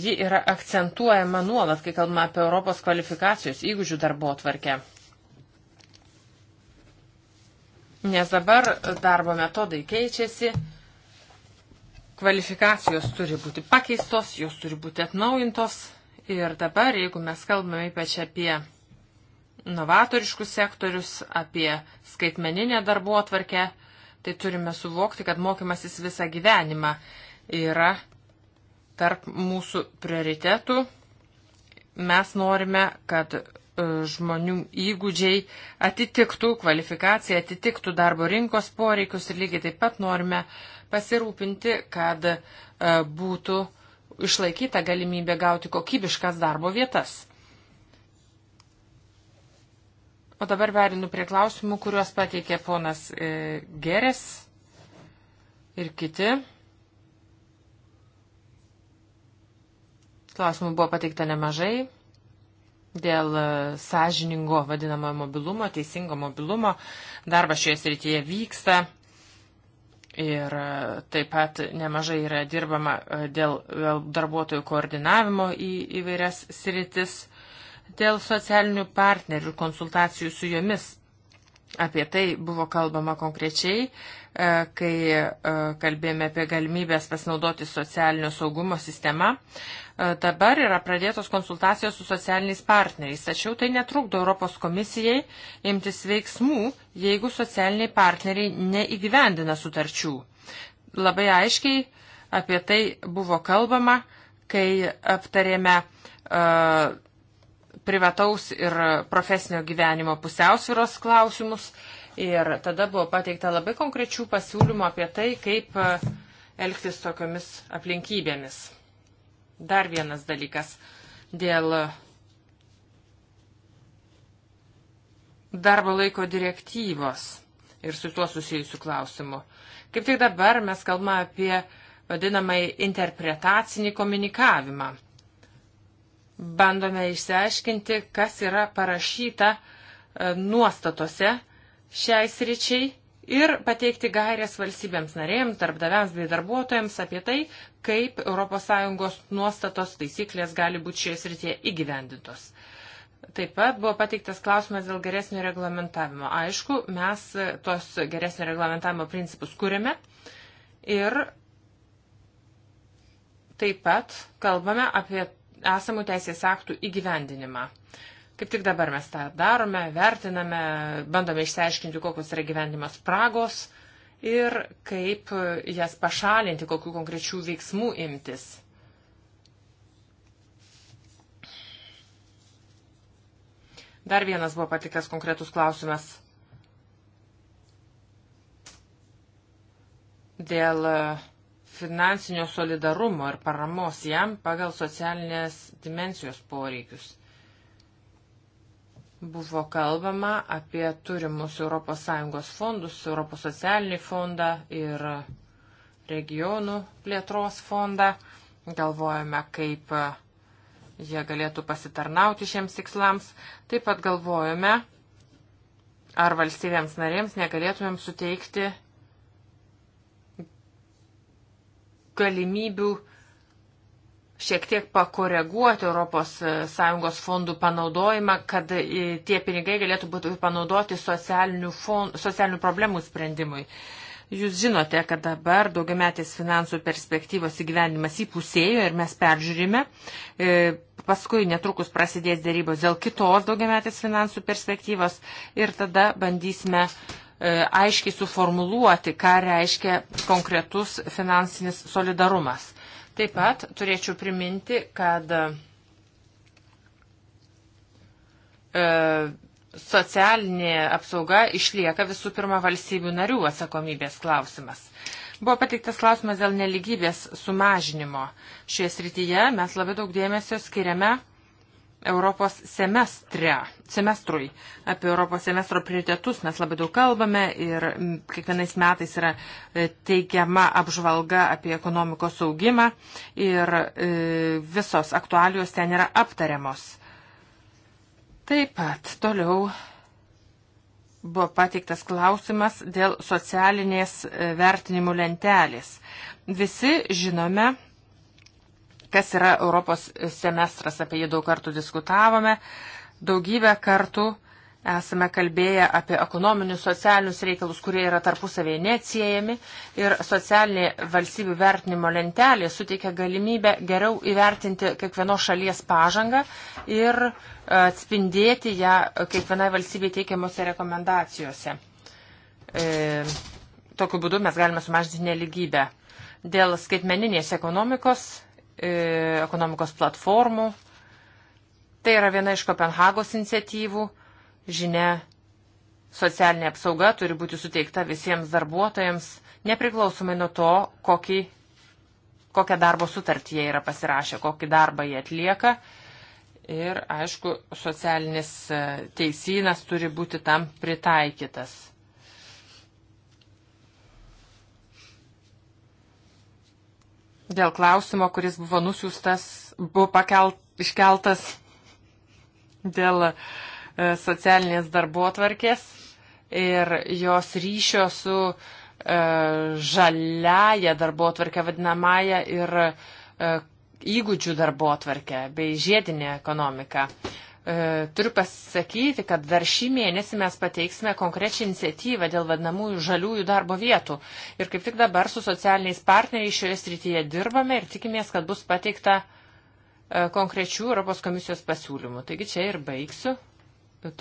ji yra akcentuojama nuolat, kai kalbame apie Europos kvalifikacijos įgūdžių darbo atvarkę. Nes dabar darbo metodai keičiasi, kvalifikacijos turi būti pakeistos, jos turi būti atnaujintos. Ir dabar, jeigu mes kalbame ypač apie novatoriškus sektorius, apie skaitmeninę darbo atvarkę, tai turime suvokti, kad mokymasis visą gyvenimą yra tarp mūsų prioritetų mes norime, kad e, žmonių įgūdžiai atitiktų, kvalifikacija atitiktų darbo rinkos poreikius ir lygiai taip pat norime pasirūpinti, kad e, būtų išlaikyta galimybė gauti kokybiškas darbo vietas. O dabar verinu prie klausimų, kuriuos pateikė ponas e, Geres ir kiti. Klausimų buvo pateikta nemažai dėl e, sąžiningo vadinamojo mobilumo, teisingo mobilumo. Darbas šioje srityje vyksta ir e, taip pat nemažai yra dirbama e, dėl darbuotojų koordinavimo į įvairias sritis, dėl socialinių partnerių konsultacijų su jomis Apie tai buvo kalbama konkrečiai, e, kai e, kalbėjome apie galimybės pasinaudoti socialinio saugumo sistema. E, dabar yra pradėtos konsultacijos su socialiniais partneriais, tačiau tai netrukdo Europos komisijai imtis veiksmų, jeigu socialiniai partneriai neįgyvendina sutarčių. Labai aiškiai apie tai buvo kalbama, kai aptarėme uh, privataus ir profesinio gyvenimo pusiausviros klausimus. Ir tada buvo pateikta labai konkrečių pasiūlymų apie tai, kaip e, elgtis tokiomis aplinkybėmis. Dar vienas dalykas dėl e, darbo laiko direktyvos ir su tuo susijusiu klausimu. Kaip tik dabar mes kalbame apie vadinamai interpretacinį komunikavimą bandome išsiaiškinti, kas yra parašyta e, nuostatose šiai sričiai ir pateikti gairės valstybėms narėjams, darbdaviams bei darbuotojams apie tai, kaip ES nuostatos taisyklės gali būti šioje srityje įgyvendintos. Taip pat buvo pateiktas klausimas dėl geresnio reglamentavimo. Aišku, mes tos geresnio reglamentavimo principus kūrėme ir taip pat kalbame apie esamų teisės aktų įgyvendinimą. Kaip tik dabar mes tą darome, vertiname, bandome išsiaiškinti, kokios yra gyvendimas spragos ir kaip jas pašalinti, kokiu konkrečių veiksmų imtis. Dar vienas buvo patiktas konkretus klausimas dėl uh, finansinio solidarumo ir paramos jam pagal socialinės dimensijos poreikius. Buvo kalbama apie turimus ES fondus, ES fondą ir regionų plėtros fondą. Galvojame, kaip jie galėtų pasitarnauti šiems tikslams. Taip pat galvojame, ar valstybėms narėms negalėtumėm suteikti galimybių šiek tiek pakoreguoti ES e, fondų panaudojimą, kad e, tie pinigai galėtų būti panaudoti socialinių, fond, socialinių problemų sprendimui. Jūs žinote, kad dabar daugiametės finansų perspektyvos įgyvendimas įpusėjo ir mes peržiūrime. E, paskui netrukus prasidės dėrybos dėl kitos daugiametės finansų perspektyvos ir tada bandysime uh, E, aiškiai suformuluoti, ką reiškia konkretus finansinis solidarumas. Taip pat turėčiau priminti, kad e, socialinė apsauga išlieka visų pirma valstybių narių atsakomybės klausimas. Buvo pateiktas klausimas dėl neligybės sumažinimo. Šioje srityje mes labai daug dėmesio skiriame Europos semestre, semestrui, apie Europos semestro prioritetus mes labai daug kalbame ir kiekvienais metais yra e, teikiama apžvalga apie ekonomikos augimą ir e, visos aktualijos ten yra aptariamos. Taip pat toliau buvo pateiktas klausimas dėl socialinės e, vertinimų lentelės. Visi žinome, kas yra Europos semestras, apie jį daug kartų diskutavome, daugybę kartų esame kalbėję apie ekonominius, socialinius reikalus, kurie yra tarpusavėje neatsiejami ir socialinė valstybių vertinimo lentelė suteikia galimybę geriau įvertinti kiekvienos šalies pažangą ir atspindėti ją kiekvienai valstybei teikiamuose rekomendacijose. E, tokiu būdu mes galime sumažinti neligybę. Dėl skaitmeninės ekonomikos E, ekonomikos platformų. Tai yra viena iš Kopenhagos iniciatyvų. Žinia, socialinė apsauga turi būti suteikta visiems darbuotojams, nepriklausomai nuo to, kokį, kokią darbo sutartį jie yra pasirašę, kokį darbą jie atlieka. Ir, aišku, socialinis e, teisynas turi būti tam pritaikytas. dėl klausimo, kuris buvo nusiųstas, buvo pakelt, iškeltas dėl e, socialinės darbuotvarkės ir jos ryšio su e, žaliaja darbuotvarkė vadinamąją ir e, įgūdžių darbuotvarkė bei žiedinė ekonomika. E, E, turiu pasakyti, kad dar šį mėnesį mes pateiksime konkrečią iniciatyvą dėl vadinamųjų žaliųjų darbo vietų. Ir kaip tik dabar su socialiniais partneriais šioje srityje dirbame ir tikimės, kad bus pateikta e, konkrečių Europos komisijos pasiūlymų. Taigi čia ir baigsiu.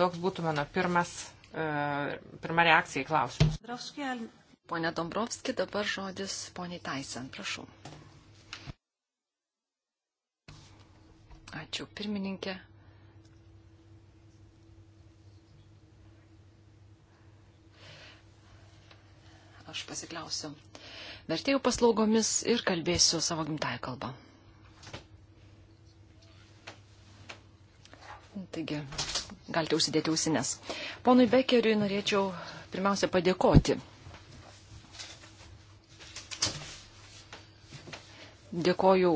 Toks būtų mano pirmas, e, pirma reakcija į klausimus. Pone Dombrovski, dabar žodis poniai Taisen, prašau. Ačiū, pirmininkė. aš pasikliausiu vertėjų paslaugomis ir kalbėsiu savo gimtąją kalbą. Taigi, galite užsidėti ausinės. Ponui Bekeriui norėčiau pirmiausia padėkoti. Dėkoju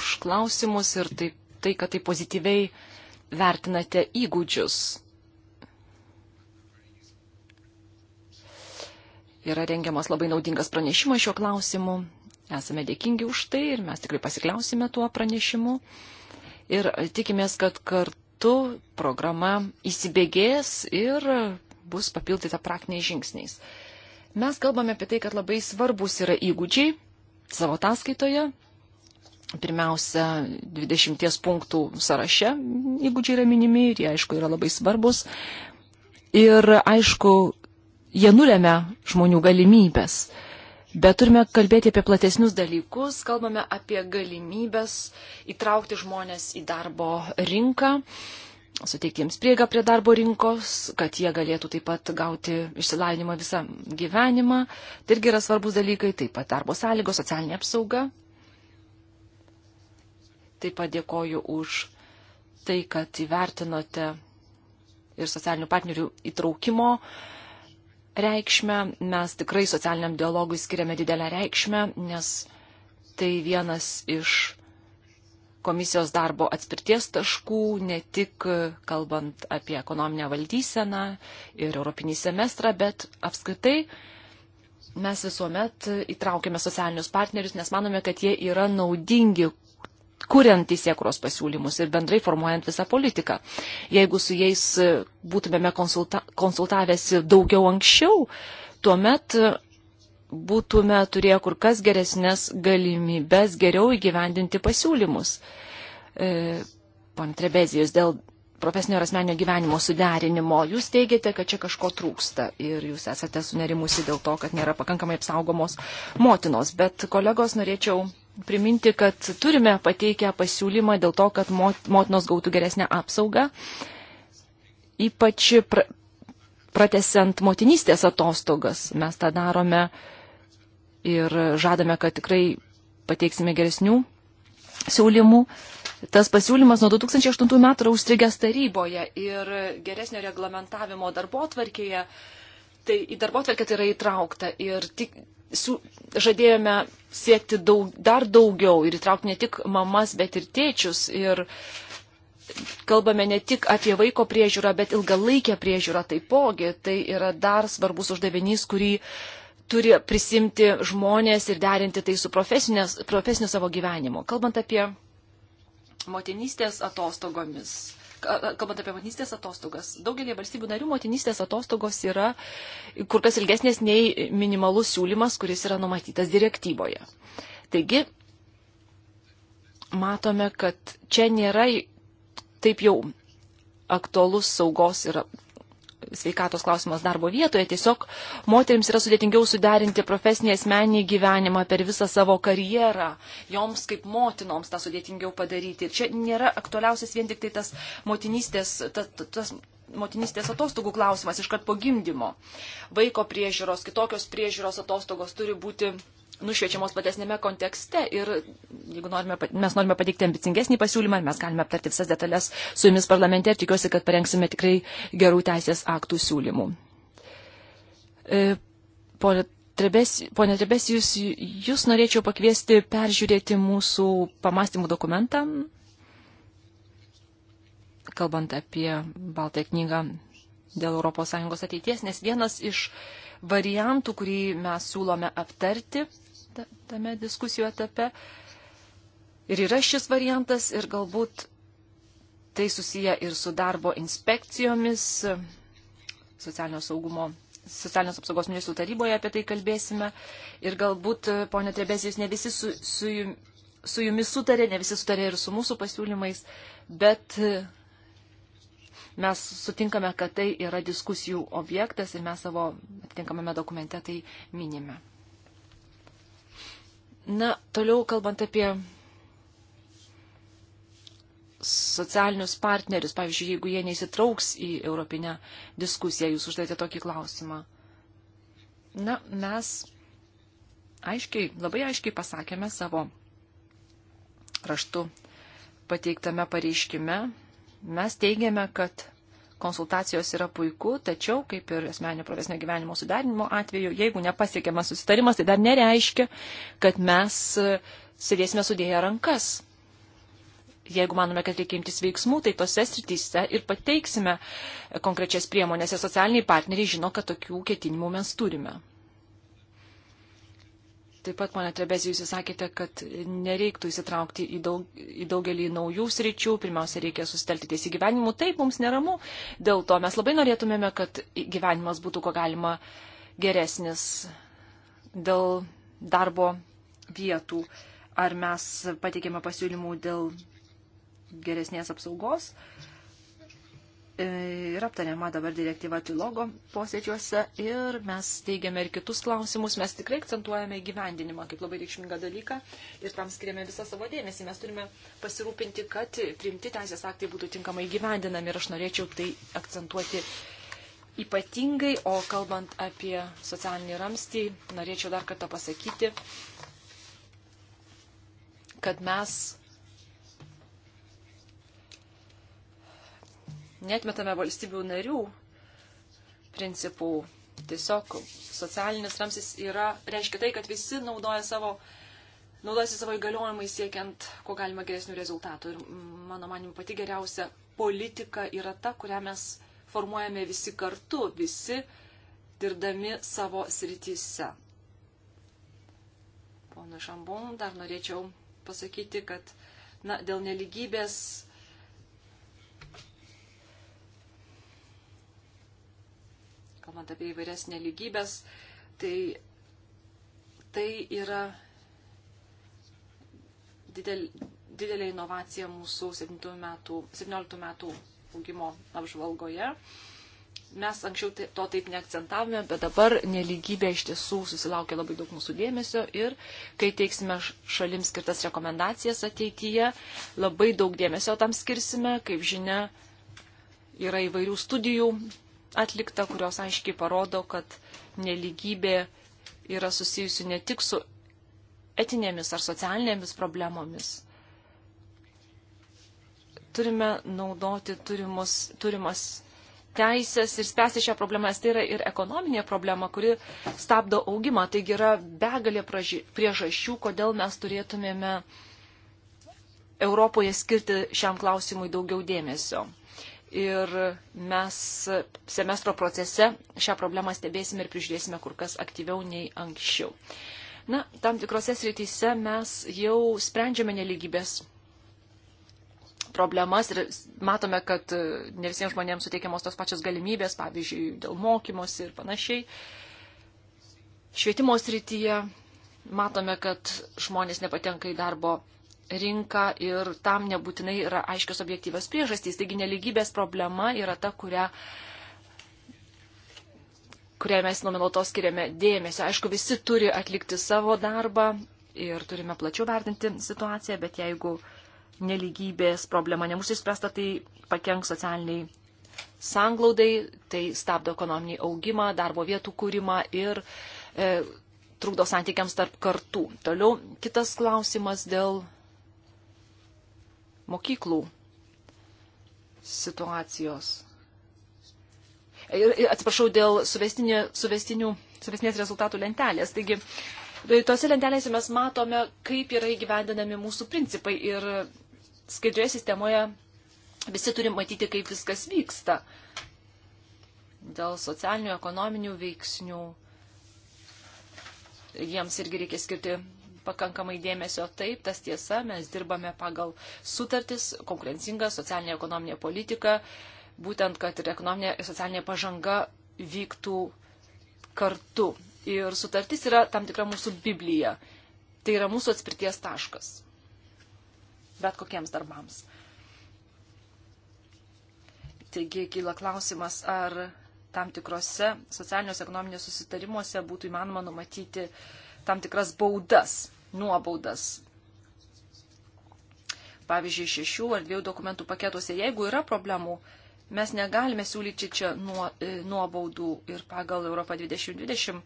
už klausimus ir taip, tai, kad tai pozityviai vertinate įgūdžius yra rengiamas labai naudingas pranešimas šiuo klausimu. Esame dėkingi už tai ir mes tikrai pasikliausime tuo pranešimu. Ir tikimės, kad kartu programa įsibėgės ir bus papildyta praktiniais žingsniais. Mes kalbame apie tai, kad labai svarbus yra įgūdžiai savo ataskaitoje. Pirmiausia, 20 punktų sąraše įgūdžiai yra minimi ir jie, aišku, yra labai svarbus. Ir aišku, jie nulėmė žmonių galimybės. Bet turime kalbėti apie platesnius dalykus, kalbame apie galimybės įtraukti žmonės į darbo rinką, suteikti jiems prieigą prie darbo rinkos, kad jie galėtų taip pat gauti išsilavinimą visą gyvenimą. Tai irgi yra svarbus dalykai, taip pat darbo sąlygos, socialinė apsauga. Taip pat dėkoju už tai, kad įvertinote ir socialinių partnerių įtraukimo uh, reikšmę. Mes tikrai socialiniam dialogui skiriame didelę reikšmę, nes tai vienas iš komisijos darbo atspirties taškų, ne tik kalbant apie ekonominę valdyseną ir europinį semestrą, bet apskritai mes visuomet įtraukiame socialinius partnerius, nes manome, kad jie yra naudingi kuriant teisėkuros pasiūlymus ir bendrai formuojant visą politiką. Jeigu su jais būtumėme konsulta konsultavęsi daugiau anksčiau, tuomet būtume turėję kur kas geresnės galimybės geriau įgyvendinti pasiūlymus. E, Pane Trebezijus, dėl profesinio ir asmenio gyvenimo suderinimo, jūs teigiate, kad čia kažko trūksta ir jūs esate sunerimusi dėl to, kad nėra pakankamai apsaugomos motinos. Bet kolegos, norėčiau priminti, kad turime pateikę pasiūlymą dėl to, kad motinos gautų geresnę apsaugą, ypač pra, pratesiant motinystės atostogas. Mes tą darome ir žadame, kad tikrai pateiksime geresnių siūlymų. Tas pasiūlymas nuo 2008 metų yra užstrigęs taryboje ir geresnio reglamentavimo darbo atvarkėje. Tai į darbo atvarkę tai yra įtraukta ir tik, žadėjome siekti daug, dar daugiau ir įtraukti ne tik mamas, bet ir tėčius. Ir kalbame ne tik apie vaiko priežiūrą, bet ilgalaikę priežiūrą taipogi. Tai yra dar svarbus uždavinys, kurį turi prisimti žmonės ir derinti tai su profesiniu savo gyvenimu. Kalbant apie motinystės atostogomis kalbant apie motinystės atostogas, daugelį valstybių narių motinystės atostogos yra kur kas ilgesnės nei minimalus siūlymas, kuris yra numatytas direktyvoje. Taigi, matome, kad čia nėra taip jau aktualus saugos ir sveikatos klausimas darbo vietoje, tiesiog moteriams yra sudėtingiau suderinti profesinį asmenį gyvenimą per visą savo karjerą. Joms kaip motinoms tą sudėtingiau padaryti. Ir čia nėra aktualiausias vien tik tai tas motinystės, tas, tas motinystės atostogų klausimas iškart po gimdymo. Vaiko priežiūros, kitokios priežiūros atostogos turi būti nušviečiamos platesnėme kontekste ir jeigu norime, mes norime pateikti ambicingesnį pasiūlymą, mes galime aptarti visas detalės su jumis parlamente ir tikiuosi, kad parengsime tikrai gerų teisės aktų siūlymų. E, pone Trebes, jūs, jūs norėčiau pakviesti peržiūrėti mūsų pamastymų dokumentą, kalbant apie Baltąją knygą dėl ES ateities, nes vienas iš variantų, kurį mes siūlome aptarti, tame diskusijų etape. Ir yra šis variantas ir galbūt tai susiję ir su darbo inspekcijomis, socialinio saugumo, socialinės apsaugos ministrų taryboje apie tai kalbėsime. Ir galbūt, ponė Trebesijus, ne visi su, su, su jumis sutarė, ne visi sutarė ir su mūsų pasiūlymais, bet mes sutinkame, kad tai yra diskusijų objektas ir mes savo atitinkamame dokumente tai minime. Na, toliau kalbant apie socialinius partnerius, pavyzdžiui, jeigu jie neįsitrauks į europinę diskusiją, jūs uždavėte tokį klausimą. Na, mes aiškiai, labai aiškiai pasakėme savo raštu pateiktame pareiškime. Mes teigiame, kad konsultacijos yra puiku, tačiau, kaip ir asmeninio profesinio gyvenimo sudarinimo atveju, jeigu nepasiekiamas susitarimas, tai dar nereiškia, kad mes e, sėdėsime sudėję rankas. Jeigu manome, kad reikia imtis veiksmų, tai tose srityse ir pateiksime konkrečias priemonės ir socialiniai partneriai žino, kad tokių ketinimų mes turime. Taip pat, ponia Trebezė, jūs įsakėte, kad nereiktų įsitraukti į, daug, į daugelį naujų sričių, pirmiausia, reikia susitelti ties įgyvenimu. Taip, mums neramu, dėl to mes labai norėtumėme, kad gyvenimas būtų ko galima geresnis dėl darbo vietų. Ar mes pateikėme pasiūlymų dėl geresnės apsaugos? Uh, ir e, aptariama dabar direktyva trilogo posėdžiuose ir mes teigiame ir kitus klausimus, mes tikrai akcentuojame gyvendinimą kaip labai reikšmingą dalyką ir tam skiriame visą savo dėmesį. Mes turime pasirūpinti, kad priimti teisės aktai būtų tinkamai gyvendinami ir aš norėčiau tai akcentuoti ypatingai, o kalbant apie socialinį ramstį, norėčiau dar kartą pasakyti, kad mes netmetame valstybių narių principų. Tiesiog socialinis ramsis yra, reiškia tai, kad visi naudoja savo, naudojasi savo įgaliojimais siekiant, ko galima geresnių rezultatų. Ir mano manim pati geriausia politika yra ta, kurią mes formuojame visi kartu, visi dirbdami savo srityse. Pono Šambon, dar norėčiau pasakyti, kad na, dėl neligybės kalbant apie įvairias neligybės, tai tai yra didel, didelė inovacija mūsų 17 metų, metų augimo apžvalgoje. Mes anksčiau tai, to taip neakcentavome, bet dabar neligybė iš tiesų susilaukia labai daug mūsų dėmesio ir kai teiksime šalims skirtas rekomendacijas ateityje, labai daug dėmesio tam skirsime. Kaip žinia, yra įvairių studijų atlikta, kurios aiškiai parodo, kad neligybė yra susijusi ne tik su etinėmis ar socialinėmis problemomis. Turime naudoti turimus, turimas teisės ir spręsti šią problemą, nes tai yra ir ekonominė problema, kuri stabdo augimą. Taigi yra begalė priežasčių, kodėl mes turėtumėme Europoje skirti šiam klausimui daugiau dėmesio ir mes semestro procese šią problemą stebėsime ir prižiūrėsime kur kas aktyviau nei anksčiau. Na, tam tikrose srityse mes jau sprendžiame neligybės problemas ir matome, kad ne visiems žmonėms suteikiamos tos pačios galimybės, pavyzdžiui, dėl mokymosi ir panašiai. Švietimo srityje matome, kad žmonės nepatenka į darbo rinką ir tam nebūtinai yra aiškios objektyvės priežastys. Taigi neligybės problema yra ta, kurią kuriai mes nuolatos skiriame dėmesio. Aišku, visi turi atlikti savo darbą ir turime plačiau vertinti situaciją, bet jeigu neligybės problema nebus išspręsta, tai pakenks socialiniai sanglaudai, tai stabdo ekonominį augimą, darbo vietų kūrimą ir e, trukdo santykiams tarp kartų. Toliau kitas klausimas dėl mokyklų situacijos. Ir, ir atsiprašau dėl suvestinė, suvestinių, suvestinės rezultatų lentelės. Taigi, tose lentelėse mes matome, kaip yra įgyvendinami mūsų principai ir skaidrioje sistemoje visi turi matyti, kaip viskas vyksta dėl socialinių, ekonominių veiksnių. Jiems irgi reikia skirti pakankamai dėmesio. Taip, tas tiesa, mes dirbame pagal sutartis, konkurencingą socialinę ekonominę politiką, būtent, kad ir ekonominė ir socialinė pažanga vyktų kartu. Ir sutartis yra tam tikra mūsų Biblija. Tai yra mūsų atspirties taškas. Bet kokiems darbams. Taigi kyla klausimas, ar tam tikrose socialiniuose ekonominės susitarimuose būtų įmanoma numatyti tam tikras baudas nuobaudas. Pavyzdžiui, šešių ar dviejų dokumentų paketuose, jeigu yra problemų, mes negalime siūlyti čia nuo, e, nuobaudų ir pagal Europą 2020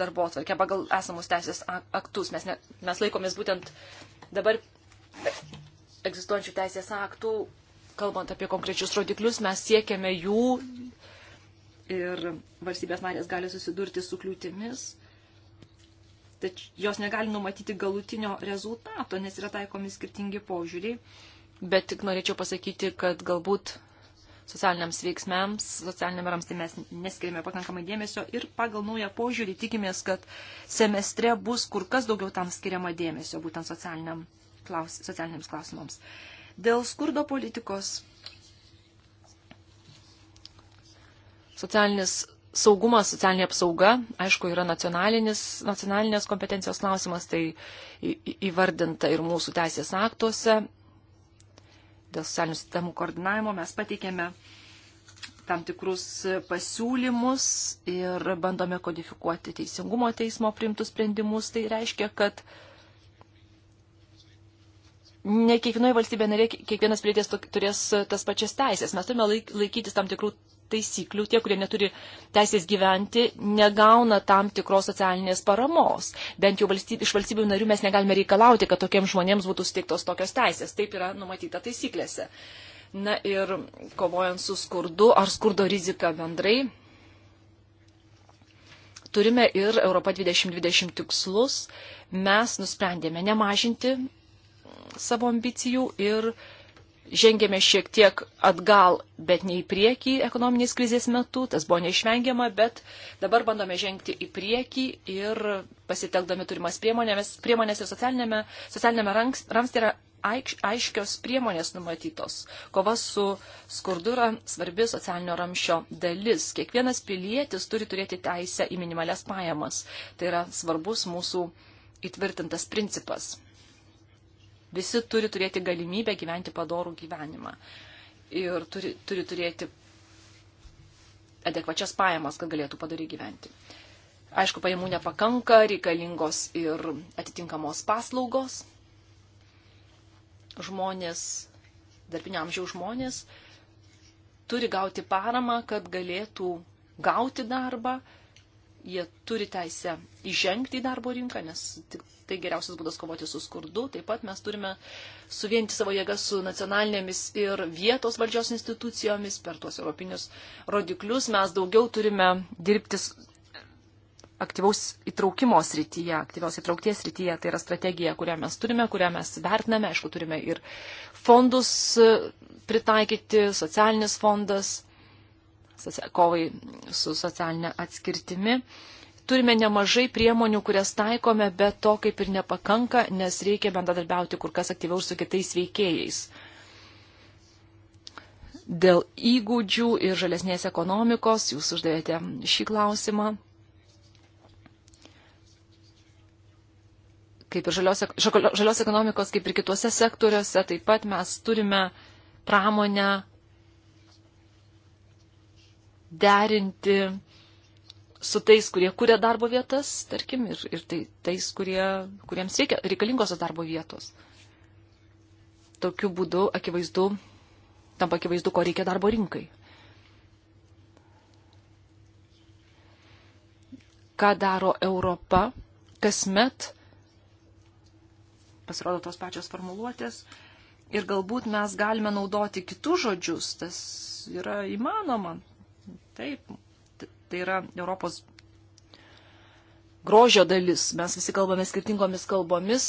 darbo atvarkę, pagal esamus teisės aktus. Mes, ne, mes laikomės būtent dabar egzistuojančių teisės aktų, kalbant apie konkrečius rodiklius, mes siekiame jų ir valstybės narės gali susidurti su kliūtimis tač, jos negali numatyti galutinio rezultato, nes yra taikomi skirtingi požiūriai. Bet tik norėčiau pasakyti, kad galbūt socialiniams veiksmams, socialiniame ramstė tai mes neskiriame pakankamai dėmesio ir pagal naują požiūrį tikimės, kad semestre bus kur kas daugiau tam skiriama dėmesio, būtent socialiniam klaus, socialiniams klausimams. Dėl skurdo politikos socialinis saugumas, socialinė apsauga, aišku, yra nacionalinės kompetencijos klausimas, tai įvardinta ir mūsų teisės aktuose. Dėl socialinių sistemų koordinavimo mes pateikėme tam tikrus pasiūlymus ir bandome kodifikuoti teisingumo teismo priimtus sprendimus. Tai reiškia, kad ne kiekvienoje valstybėje narė kiekvienas pilietis turės tas pačias teisės. Mes turime laikytis tam tikrų taisyklių, tie, kurie neturi teisės gyventi, negauna tam tikros socialinės paramos. Bent jau valstyb, iš valstybių narių mes negalime reikalauti, kad tokiems žmonėms būtų suteiktos tokios teisės. Taip yra numatyta taisyklėse. Na ir kovojant su skurdu ar skurdo rizika bendrai, turime ir Europą 2020 tikslus. Mes nusprendėme nemažinti savo ambicijų ir uh, žengėme šiek tiek atgal, bet ne į priekį ekonominės krizės metu, tas buvo neišvengiama, bet dabar bandome žengti į priekį ir pasitelkdami turimas priemonės, priemonės ir socialinėme, socialinėme ramstė yra aiškios priemonės numatytos. Kova su skurdu yra svarbi socialinio ramščio dalis. Kiekvienas pilietis turi turėti teisę į minimalias pajamas. Tai yra svarbus mūsų įtvirtintas principas. Visi turi turėti galimybę gyventi padorų gyvenimą. Ir turi, turi turėti adekvačias pajamas, kad galėtų padariai gyventi. Aišku, pajamų nepakanka, reikalingos ir atitinkamos paslaugos. Žmonės, darbinio amžiaus žmonės, turi gauti paramą, kad galėtų gauti darbą, jie turi teisę įžengti į darbo rinką, nes tai geriausias būdas kovoti su skurdu. Taip pat mes turime suvienyti savo jėgas su nacionalinėmis ir vietos valdžios institucijomis per tuos europinius rodiklius. Mes daugiau turime dirbti aktyvaus įtraukimo srityje, aktyviaus įtraukties srityje. Tai yra strategija, kurią mes turime, kurią mes vertiname. Aišku, turime ir fondus e, pritaikyti, socialinis fondas kovai su socialinė atskirtimi. Turime nemažai priemonių, kurias taikome, bet to kaip ir nepakanka, nes reikia bendradarbiauti kur kas aktyviau su kitais veikėjais. Dėl įgūdžių ir žalesnės ekonomikos jūs uždavėte šį klausimą. kaip ir žalios, žalios ekonomikos, kaip ir kituose sektoriuose, taip pat mes turime pramonę, derinti su tais, kurie kuria darbo vietas, tarkim, ir, ir tai, tais, kurie, kuriems reikia, reikalingos darbo vietos. Tokiu būdu akivaizdu, tampa akivaizdu, ko reikia darbo rinkai. Ką daro Europa kasmet, pasirodo tos pačios formuluotės, ir galbūt mes galime naudoti kitus žodžius, tas yra įmanoma, Taip, tai yra Europos grožio dalis. Mes visi kalbame skirtingomis kalbomis.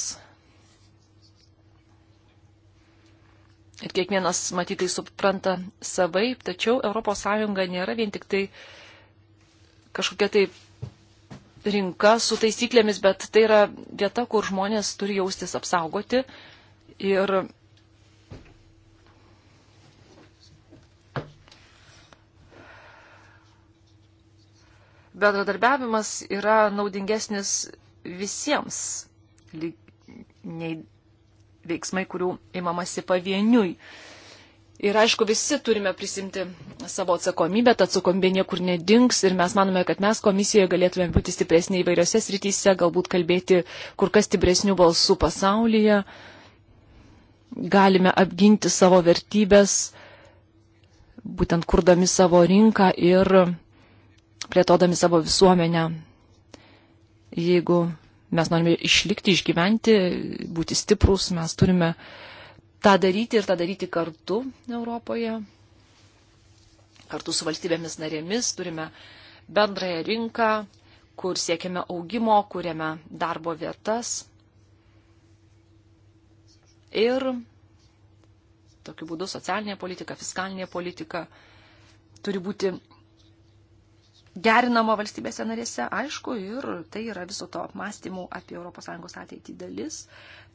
Ir kiekvienas matytai supranta savaip, tačiau ES nėra vien tik tai kažkokia tai rinka su taisyklėmis, bet tai yra vieta, kur žmonės turi jaustis apsaugoti. Ir bendradarbiavimas yra naudingesnis visiems, nei veiksmai, kurių imamasi pavieniui. Ir aišku, visi turime prisimti savo atsakomybę, ta atsakomybė niekur nedings ir mes manome, kad mes komisijoje galėtume būti stipresnė įvairiose srityse, galbūt kalbėti kur kas stipresnių balsų pasaulyje, galime apginti savo vertybės, būtent kurdami savo rinką ir plėtodami savo visuomenę. Jeigu mes norime išlikti, išgyventi, būti stiprus, mes turime tą daryti ir tą daryti kartu Europoje, kartu su valstybėmis narėmis, turime bendrąją rinką, kur siekiame augimo, kuriame darbo vietas. Ir tokiu būdu socialinė politika, fiskalinė politika turi būti gerinama valstybėse narėse, aišku, ir tai yra viso to apmąstymų apie ES ateitį dalis.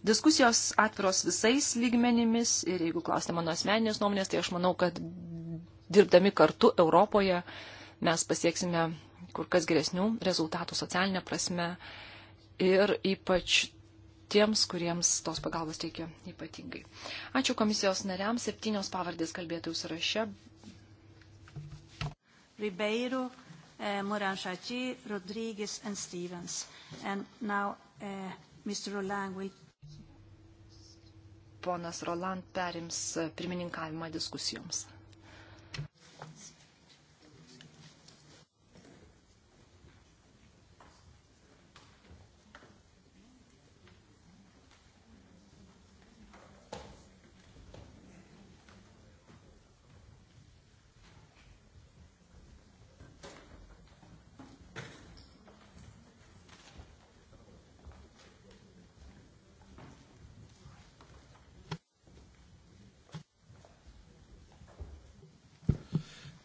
Diskusijos atviros visais lygmenimis ir jeigu klausite mano asmeninės nuomonės, tai aš manau, kad dirbdami kartu Europoje mes pasieksime kur kas geresnių rezultatų socialinė prasme ir ypač tiems, kuriems tos pagalbos reikia ypatingai. Ačiū komisijos nariams, septynios pavardės kalbėtojų sąraše. Ribeiro, uh, Moran Chartier, Rodriguez, and Stevens. And now uh, eh, Mr. Roland will. Ponas Roland perims eh, pirmininkavimą diskusijoms.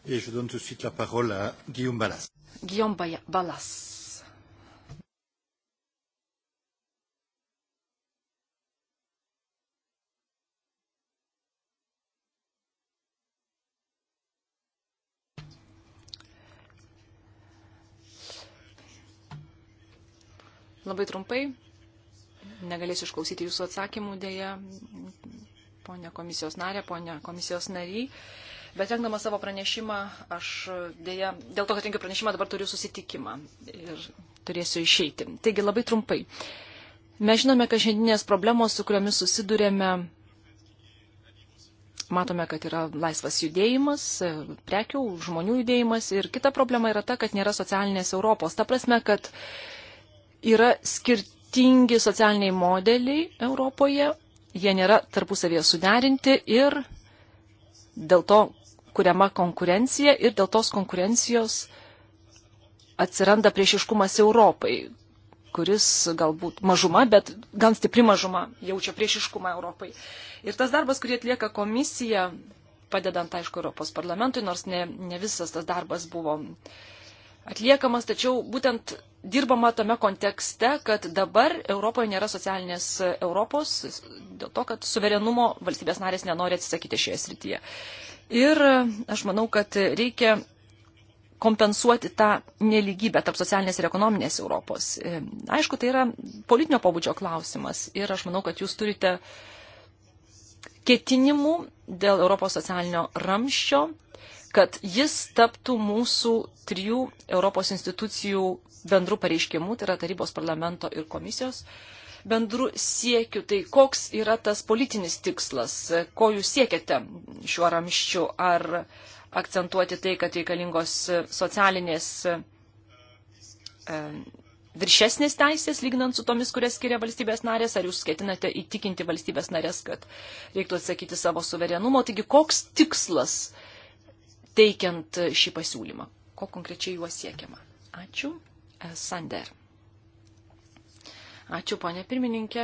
Et je donne tout de suite la parole à Guillaume Ballas. Guillaume Ballas. Labai trumpai, negalėsiu išklausyti jūsų atsakymų dėja, ponia komisijos narė, ponia komisijos nariai. Uh, Bet rengdama savo pranešimą, aš dėja, dėl to, kad rengiu pranešimą, dabar turiu susitikimą ir turėsiu išeiti. Taigi labai trumpai. Mes žinome, kad šiandienės problemos, su kuriomis susidurėme, matome, kad yra laisvas judėjimas, prekių, žmonių judėjimas ir kita problema yra ta, kad nėra socialinės Europos. Ta prasme, kad yra skirtingi socialiniai modeliai Europoje, jie nėra tarpusavėje suderinti ir dėl to kuriama konkurencija ir dėl tos konkurencijos atsiranda priešiškumas Europai, kuris galbūt mažuma, bet gan stipri mažuma jaučia priešiškumą Europai. Ir tas darbas, kurį atlieka komisija, padedant, aišku, Europos parlamentui, nors ne, ne visas tas darbas buvo atliekamas, tačiau būtent dirbama tame kontekste, kad dabar Europoje nėra socialinės Europos, dėl to, kad suverenumo valstybės narės nenori atsisakyti šioje srityje. Ir aš manau, kad reikia kompensuoti tą neligybę tarp socialinės ir ekonominės Europos. E, aišku, tai yra politinio pobūdžio klausimas ir aš manau, kad jūs turite ketinimų dėl Europos socialinio ramščio, kad jis taptų mūsų trijų Europos institucijų bendrų pareiškimų, tai yra tarybos parlamento ir komisijos. Uh, bendrų siekių, tai koks yra tas politinis tikslas, ko jūs siekiate šiuo ramščiu, ar akcentuoti tai, kad reikalingos socialinės e, viršesnės teisės, lyginant su tomis, kurias skiria valstybės narės, ar jūs ketinate įtikinti valstybės narės, kad reiktų atsakyti savo suverenumo. Taigi, koks tikslas teikiant šį pasiūlymą? Ko konkrečiai juos siekiama? Ačiū. E, Sander. Ačiū, ponė pirmininkė,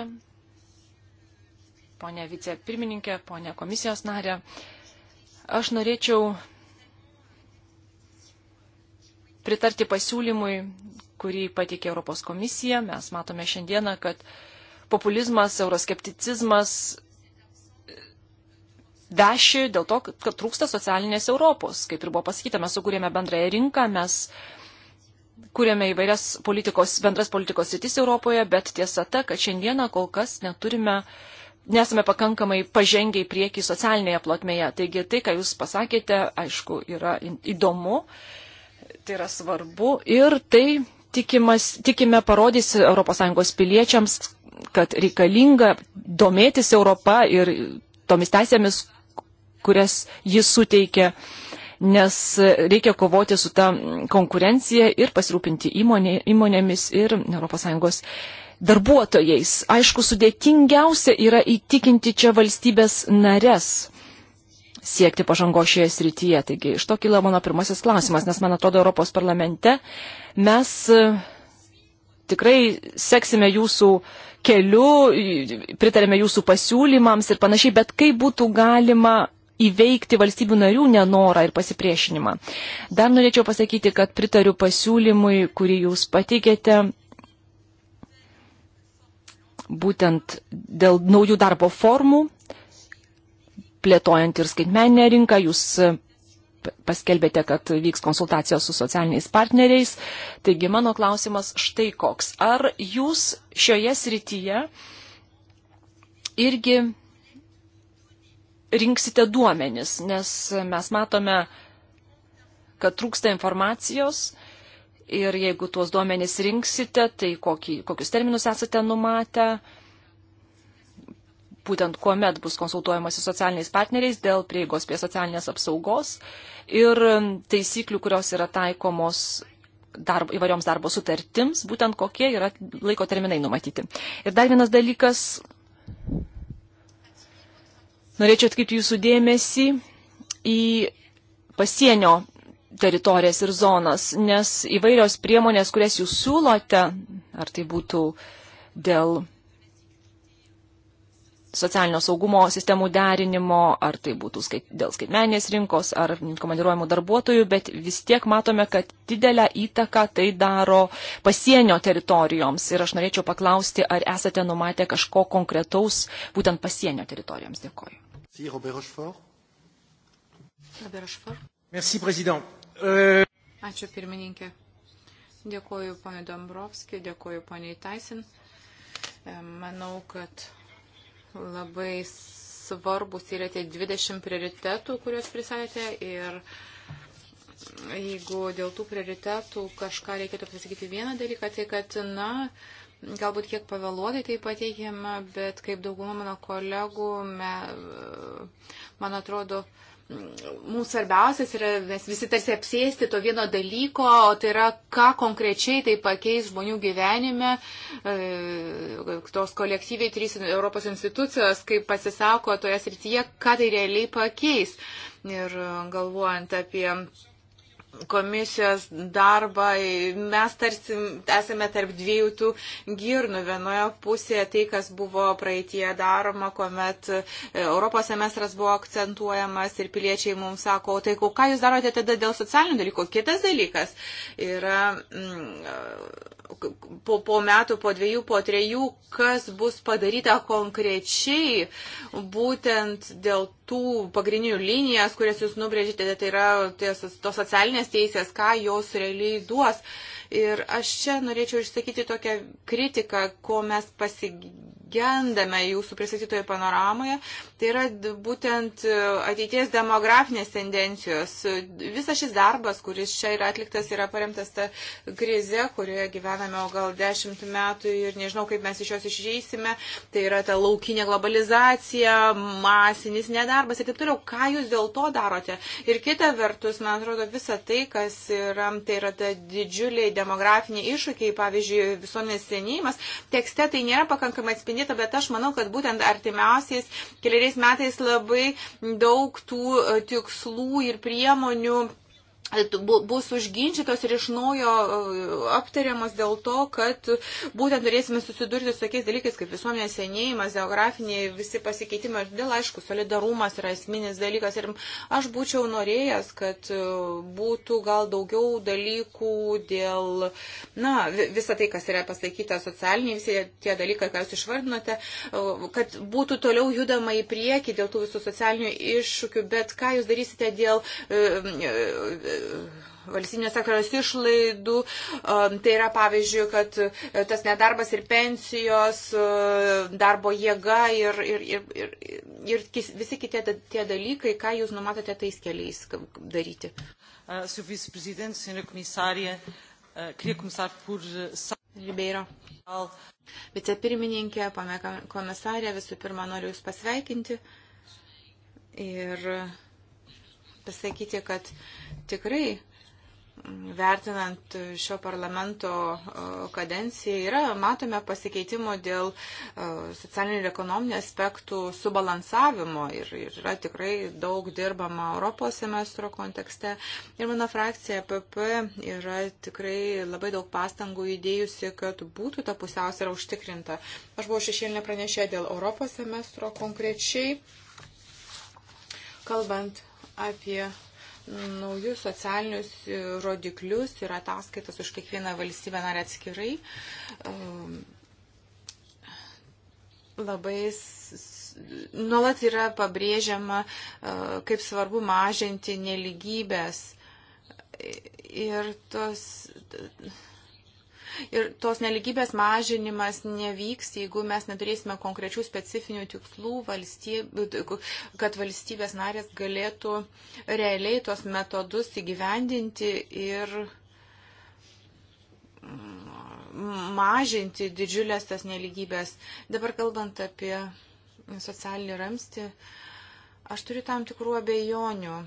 ponė vicepirmininkė, ponė komisijos narė. Aš norėčiau pritarti pasiūlymui, kurį pateikė Europos komisija. Mes matome šiandieną, kad populizmas, euroskepticizmas veši dėl to, kad trūksta socialinės Europos. Kaip ir buvo pasakyta, mes sukūrėme bendrąją rinką, mes kūrėme įvairias politikos, bendras politikos sitis Europoje, bet tiesa ta, kad šiandieną kol kas neturime, nesame pakankamai pažengiai prieki socialinėje plotmėje. Taigi tai, ką Jūs pasakėte, aišku, yra įdomu, tai yra svarbu ir tai tikimas, tikime parodys ES piliečiams, kad reikalinga domėtis Europą ir tomis teisėmis, kurias jis suteikia nes reikia kovoti su ta konkurencija ir pasirūpinti įmonė, įmonėmis ir ES darbuotojais. Aišku, sudėtingiausia yra įtikinti čia valstybės nares siekti pažango šioje srityje. Taigi iš to kyla mano pirmasis klausimas, nes man atrodo Europos parlamente mes e, tikrai seksime jūsų keliu, pritarėme jūsų pasiūlymams ir panašiai, bet kaip būtų galima įveikti valstybių narių nenorą ir pasipriešinimą. Dar norėčiau pasakyti, kad pritariu pasiūlymui, kurį jūs pateikėte, būtent dėl naujų darbo formų, plėtojant ir skaitmeninę rinką, jūs e, paskelbėte, kad vyks konsultacijos su socialiniais partneriais. Taigi mano klausimas štai koks. Ar jūs šioje srityje irgi rinksite duomenis, nes mes matome, kad trūksta informacijos ir jeigu tuos duomenis rinksite, tai kokį, kokius terminus esate numatę, būtent kuomet bus konsultuojamasi socialiniais partneriais dėl prieigos prie socialinės apsaugos ir taisyklių, kurios yra taikomos darbo, įvairioms darbo sutartims, būtent kokie yra laiko terminai numatyti. Ir dar vienas dalykas, Norėčiau atkreipti jūsų dėmesį į pasienio teritorijas ir zonas, nes įvairios priemonės, kurias jūs siūlote, ar tai būtų dėl socialinio saugumo sistemų derinimo, ar tai būtų skait, dėl skaitmenės rinkos, ar komandiruojamų darbuotojų, bet vis tiek matome, kad didelę įtaką tai daro pasienio teritorijoms. Ir aš norėčiau paklausti, ar esate numatę kažko konkretaus būtent pasienio teritorijoms. Dėkoju. Merci, Robert Rochefort. Robert Rochefort. Merci, Président. Euh... Ačiū, pirmininkė. Dėkuoju, ponė Dombrovskį, dėkuoju, ponė Taisin. E, manau, kad labai svarbus yra tie 20 prioritetų, kuriuos pristatėte ir jeigu dėl tų prioritetų kažką reikėtų pasakyti vieną dalyką, tai kad, na, galbūt kiek pavėluotai tai pateikėme, bet kaip dauguma mano kolegų, me, man atrodo, mums svarbiausias yra, mes visi tarsi apsėsti to vieno dalyko, o tai yra, ką konkrečiai tai pakeis žmonių gyvenime, e, tos kolektyviai trys Europos institucijos, kaip pasisako toje srityje, ką tai realiai pakeis. Ir galvojant apie komisijos darbą, mes tarsi esame tarp dviejų tų girnų. Vienoje pusėje tai, kas buvo praeitie daroma, kuomet e, Europos semestras buvo akcentuojamas ir piliečiai mums sako, o tai ką jūs darote tada dėl socialinių dalykų? Kitas dalykas yra. Mm, po, po metų, po dviejų, po trejų, kas bus padaryta konkrečiai būtent dėl tų pagrindinių linijas, kurias jūs nubrėžite, tai yra ties, tos socialinės teisės, ką jos realiai duos. Ir aš čia norėčiau išsakyti tokią kritiką, ko mes pasigėdėme gendame jūsų pristatytoje panoramoje, tai yra būtent e, ateities demografinės tendencijos. Visas šis darbas, kuris čia yra atliktas, yra paremtas ta krize, kurioje gyvename gal dešimt metų ir nežinau, kaip mes iš jos išžeisime. Tai yra ta laukinė globalizacija, masinis nedarbas ir taip toliau. Ką jūs dėl to darote? Ir kita vertus, man atrodo, visa tai, kas yra, tai yra ta didžiuliai demografiniai iššūkiai, pavyzdžiui, visuomenės senėjimas, tekste tai nėra pakankamai atspindėti paminėta, bet aš manau, kad būtent artimiausiais keliariais metais labai daug tų e, tikslų ir priemonių bus užginčytos ir iš naujo e, aptariamas dėl to, kad būtent turėsime susidurti su tokiais dalykais kaip visuomenės senėjimas, geografiniai visi pasikeitimai. Dėl aišku, solidarumas yra esminis dalykas ir aš būčiau norėjęs, kad e, būtų gal daugiau dalykų dėl, na, visą tai, kas yra pasakyta socialiniai, visi tie dalykai, ką jūs išvardinote, e, kad būtų toliau judama į priekį dėl tų visų socialinių iššūkių, bet ką jūs darysite dėl valstybinės sektoriaus išlaidų. Um, tai yra pavyzdžiui, kad e, tas nedarbas ir pensijos, e, darbo jėga ir, ir, ir, ir, ir visi kiti tie dalykai, ką jūs numatote tais keliais daryti. Uh, Sr. Vice-Presidente, Sra. Comissária, uh, queria começar por. Uh, Ribeiro. Vicepirmininkė, pame komisarė, visų pirma noriu Jūs pasveikinti ir pasakyti, kad tikrai mm, vertinant šio parlamento kadenciją yra, matome pasikeitimo dėl socialinių ir ekonominių aspektų subalansavimo ir, ir yra tikrai daug dirbama Europos semestro kontekste. Ir mano frakcija PP yra tikrai labai daug pastangų įdėjusi, kad būtų ta pusiausvėra užtikrinta. Aš buvau šešėlinė pranešė dėl Europos semestro konkrečiai. Kalbant apie naujus socialinius rodiklius ir ataskaitas už kiekvieną valstybę narę atskirai. Ehm, labai nuolat yra pabrėžiama, e, kaip svarbu mažinti neligybės. E, ir tos ir tos neligybės mažinimas nevyks, jeigu mes neturėsime konkrečių specifinių tikslų, valstyb, kad valstybės narės galėtų realiai tos metodus įgyvendinti ir mm, mažinti didžiulės tas neligybės. Dabar kalbant apie socialinį ramstį, aš turiu tam tikrų abejonių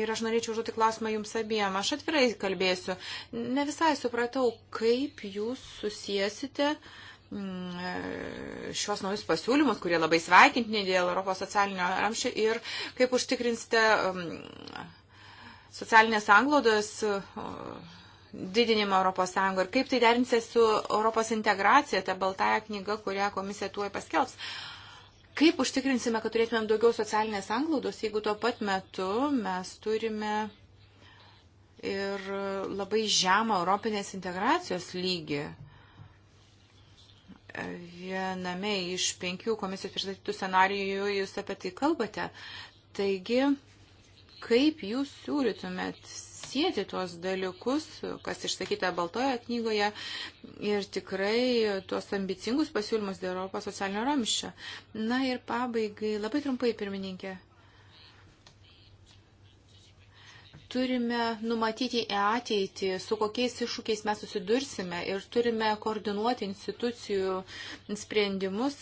Ir aš norėčiau užduoti klausimą jums abiem. Aš atvirai kalbėsiu. Ne visai supratau, kaip jūs susijęsite mm, šios naujus pasiūlymus, kurie labai sveikintini dėl Europos socialinio ramščio ir kaip užtikrinsite mm, socialinės anglodos mm, didinimą Europos Sąjungoje ir kaip tai derinsite su Europos integracija, ta baltaja knyga, kurią komisija tuoj paskelbs. Kaip užtikrinsime, kad turėtumėm daugiau socialinės anglaudos, jeigu tuo pat metu mes turime ir labai žemą Europinės integracijos lygį? Viename iš penkių komisijos pristatytų scenarijų jūs apie tai kalbate. Taigi, kaip jūs siūlytumėt susijęti tuos dalykus, kas išsakyta Baltoje knygoje ir tikrai tuos ambicingus pasiūlymus dėl Europos socialinio ramščio. Na ir pabaigai, labai trumpai, pirmininkė. turime numatyti į ateitį, su kokiais iššūkiais mes susidursime ir turime koordinuoti institucijų sprendimus,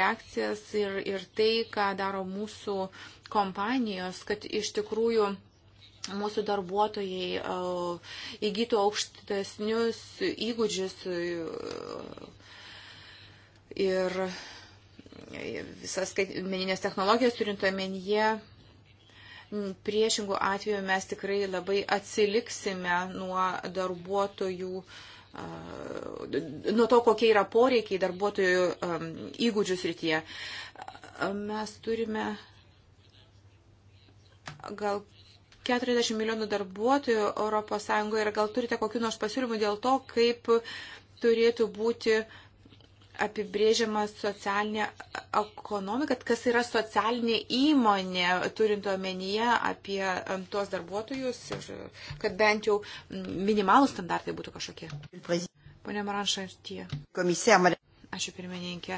reakcijas ir, ir tai, ką daro mūsų kompanijos, kad iš tikrųjų mūsų darbuotojai e, įgytų aukštesnius įgūdžius e, ir e, visas skaitmeninės technologijas turint omenyje. Priešingų atveju mes tikrai labai atsiliksime nuo darbuotojų, nuo to, kokie yra poreikiai darbuotojų įgūdžių srityje. Mes turime gal 40 milijonų darbuotojų ES ir gal turite kokiu nors pasiūlymu dėl to, kaip turėtų būti apibrėžiama socialinė ekonomika, kas yra socialinė įmonė, turint omenyje apie um, tuos darbuotojus ir kad bent jau mm, minimalų standartai būtų kažkokie. Pone Maranšartie. Komisija, Ačiū pirmininkė.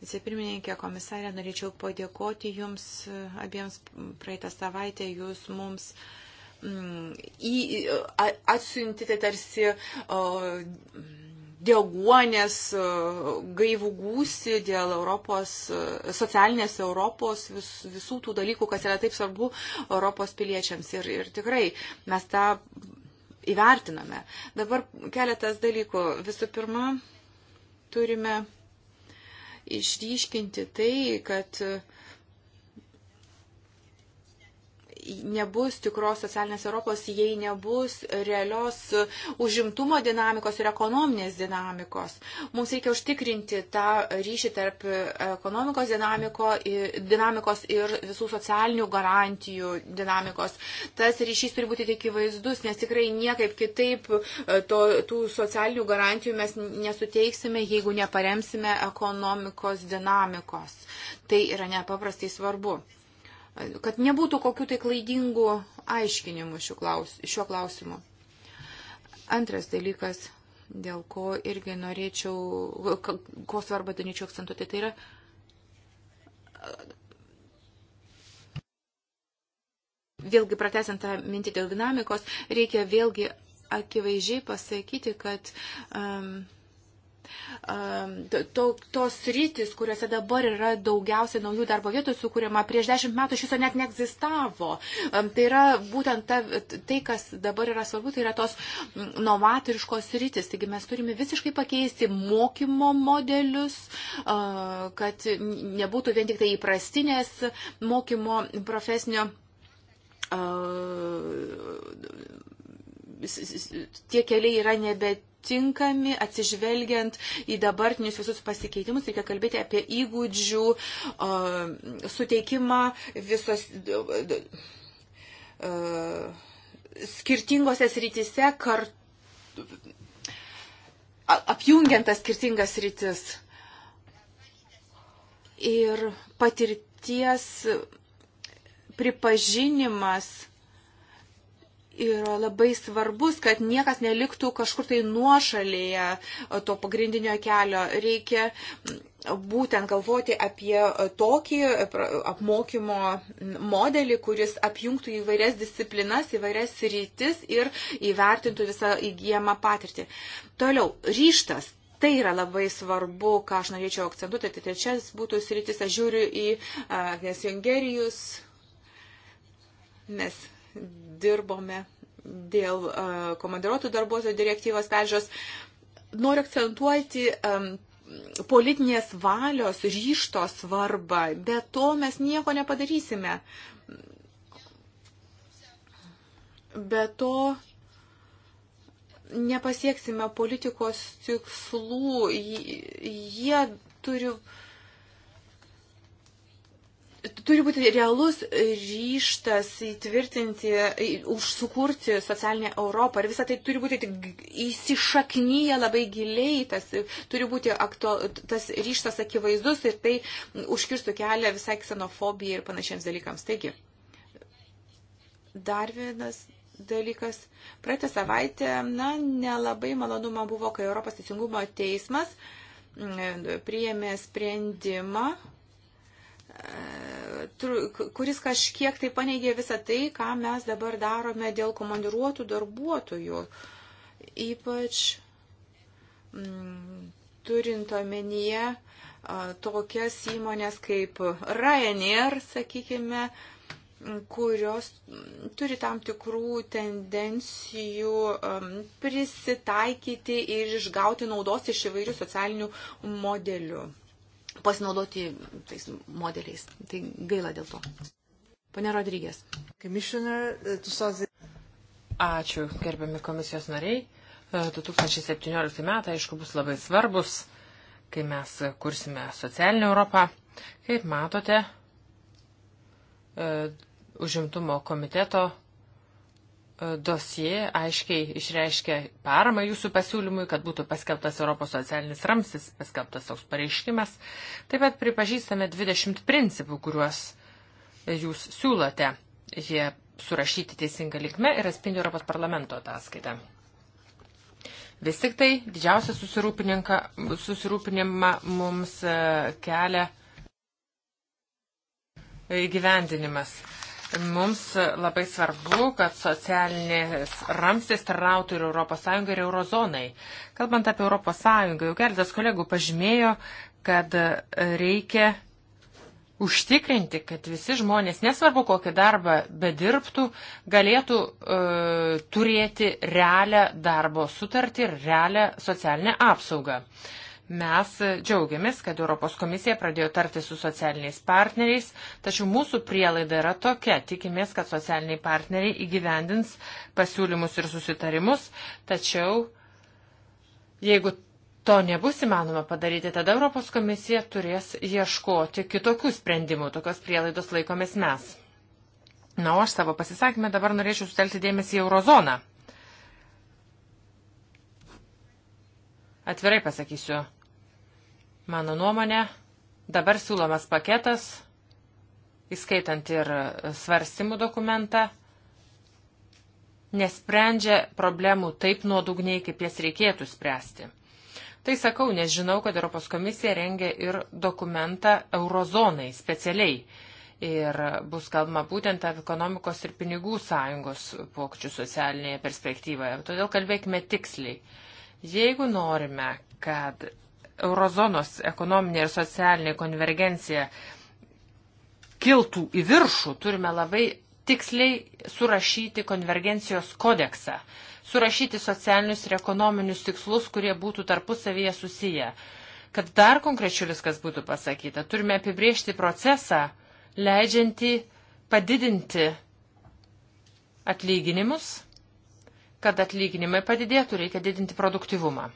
Vicepirmininkė, komisarė, norėčiau padėkoti Jums e, abiems praeitą savaitę. Jūs mums mm, į, atsiuntite tarsi o, deguonės gaivų gūsi dėl Europos, e, socialinės Europos, vis, visų tų dalykų, kas yra taip svarbu Europos piliečiams. Ir, ir tikrai mes tą įvertiname. Dabar keletas dalykų. Visų pirma, turime išryškinti tai, kad uh, nebus tikros socialinės Europos, jei nebus realios užimtumo dinamikos ir ekonominės dinamikos. Mums reikia užtikrinti tą ryšį tarp ekonomikos dinamiko, dinamikos ir visų socialinių garantijų dinamikos. Tas ryšys turi būti tik įvaizdus, nes tikrai niekaip kitaip e, to, tų socialinių garantijų mes nesuteiksime, jeigu neparemsime ekonomikos dinamikos. Tai yra nepaprastai svarbu kad nebūtų kokių tai klaidingų aiškinimų šiuo klausimu. Antras dalykas, dėl ko irgi norėčiau, ko svarbą norėčiau akcentuoti, tai yra vėlgi pratesiant tą mintį dėl dinamikos, reikia vėlgi akivaizdžiai pasakyti, kad um, to, tos rytis, kuriuose dabar yra daugiausiai naujų darbo vietų sukūrima, prieš dešimt metų iš viso net neegzistavo. Tai yra būtent ta, tai, kas dabar yra svarbu, tai yra tos novatoriškos rytis. Taigi mes turime visiškai pakeisti mokymo modelius, kad nebūtų vien tik tai įprastinės mokymo profesinio tie keliai yra nebe tinkami, atsižvelgiant į dabartinius visus pasikeitimus, reikia kalbėti apie įgūdžių o, suteikimą visos. O, skirtingose srityse kartu apjungiant tas skirtingas sritis. Ir patirties pripažinimas yra labai svarbus, kad niekas neliktų kažkur tai nuošalėje e, to pagrindinio kelio. Reikia būtent galvoti apie e, tokį e, apmokymo modelį, kuris apjungtų įvairias disciplinas, įvairias rytis ir įvertintų visą įgyjamą patirtį. Toliau, ryštas. Tai yra labai svarbu, ką aš norėčiau akcentuoti. Tai trečias būtų sritis, aš žiūriu į Agnes Jungerijus, nes dirbome dėl e, komandiruotų darbuotojų direktyvos peržios. Noriu akcentuoti e, politinės valios ryšto svarbą, bet to mes nieko nepadarysime. Be to nepasieksime politikos tikslų, jie turi turi būti realus ryštas įtvirtinti, užsukurti socialinę Europą. Ir visą tai turi būti tik įsišaknyje labai giliai, tas, turi būti akto, tas ryštas akivaizdus ir tai užkirstų kelią visai ksenofobijai ir panašiems dalykams. Taigi, dar vienas dalykas. Praeitą savaitę, na, nelabai malonuma buvo, kai Europos teisingumo teismas priėmė sprendimą kuris kažkiek tai paneigė visą tai, ką mes dabar darome dėl komandiruotų darbuotojų. Ypač m, mm, turint omenyje tokias įmonės kaip Ryanair, sakykime, kurios mm, turi tam tikrų tendencijų prisitaikyti ir išgauti naudos iš įvairių socialinių modelių pasinaudoti tais modeliais. Tai gaila dėl to. Pane Rodrygės. Uh, Ačiū, gerbiami komisijos nariai. 2017 uh, metai, aišku, bus labai svarbus, kai mes kursime socialinę Europą. Kaip matote, uh, užimtumo komiteto dosie aiškiai išreiškė paramą jūsų pasiūlymui, kad būtų paskelbtas Europos socialinis ramsis, paskelbtas toks pareiškimas. Taip pat pripažįstame 20 principų, kuriuos jūs siūlote. Jie surašyti teisinga likme ir atspindi Europos parlamento ataskaitą. Vis tik tai didžiausia susirūpinimą mums e, kelia įgyvendinimas. Mums labai svarbu, kad socialinės ramstis tarnautų ir ES ir eurozonai. Kalbant apie ES, jau keletas kolegų pažymėjo, kad reikia užtikrinti, kad visi žmonės, nesvarbu kokį darbą bedirbtų, galėtų e, turėti realią darbo sutartį ir realią socialinę apsaugą. E, Mes džiaugiamės, kad Europos komisija pradėjo tarti su socialiniais partneriais, tačiau mūsų prielaida yra tokia. Tikimės, kad socialiniai partneriai įgyvendins pasiūlymus ir susitarimus, tačiau jeigu to nebus įmanoma padaryti, tada Europos komisija turės ieškoti kitokių sprendimų, tokios prielaidos laikomės mes. Na, o aš savo pasisakymę dabar norėčiau sutelti dėmesį į eurozoną. Atvirai pasakysiu, Mano nuomonė, dabar siūlomas paketas, įskaitant ir e, svarstymų dokumentą, nesprendžia problemų taip nuodugniai, kaip jas reikėtų spręsti. Tai sakau, nes žinau, kad Europos komisija rengia ir dokumentą eurozonai specialiai. Ir bus kalbama būtent apie ekonomikos ir pinigų sąjungos pokyčių socialinėje perspektyvoje. Todėl kalbėkime tiksliai. Jeigu norime, kad eurozonos ekonominė ir socialinė konvergencija kiltų į viršų, turime labai tiksliai surašyti konvergencijos kodeksą, surašyti socialinius ir ekonominius tikslus, kurie būtų tarpusavyje susiję. Kad dar konkrečiau viskas būtų pasakyta, turime apibriežti procesą, leidžiantį padidinti atlyginimus. Kad atlyginimai padidėtų, reikia didinti produktivumą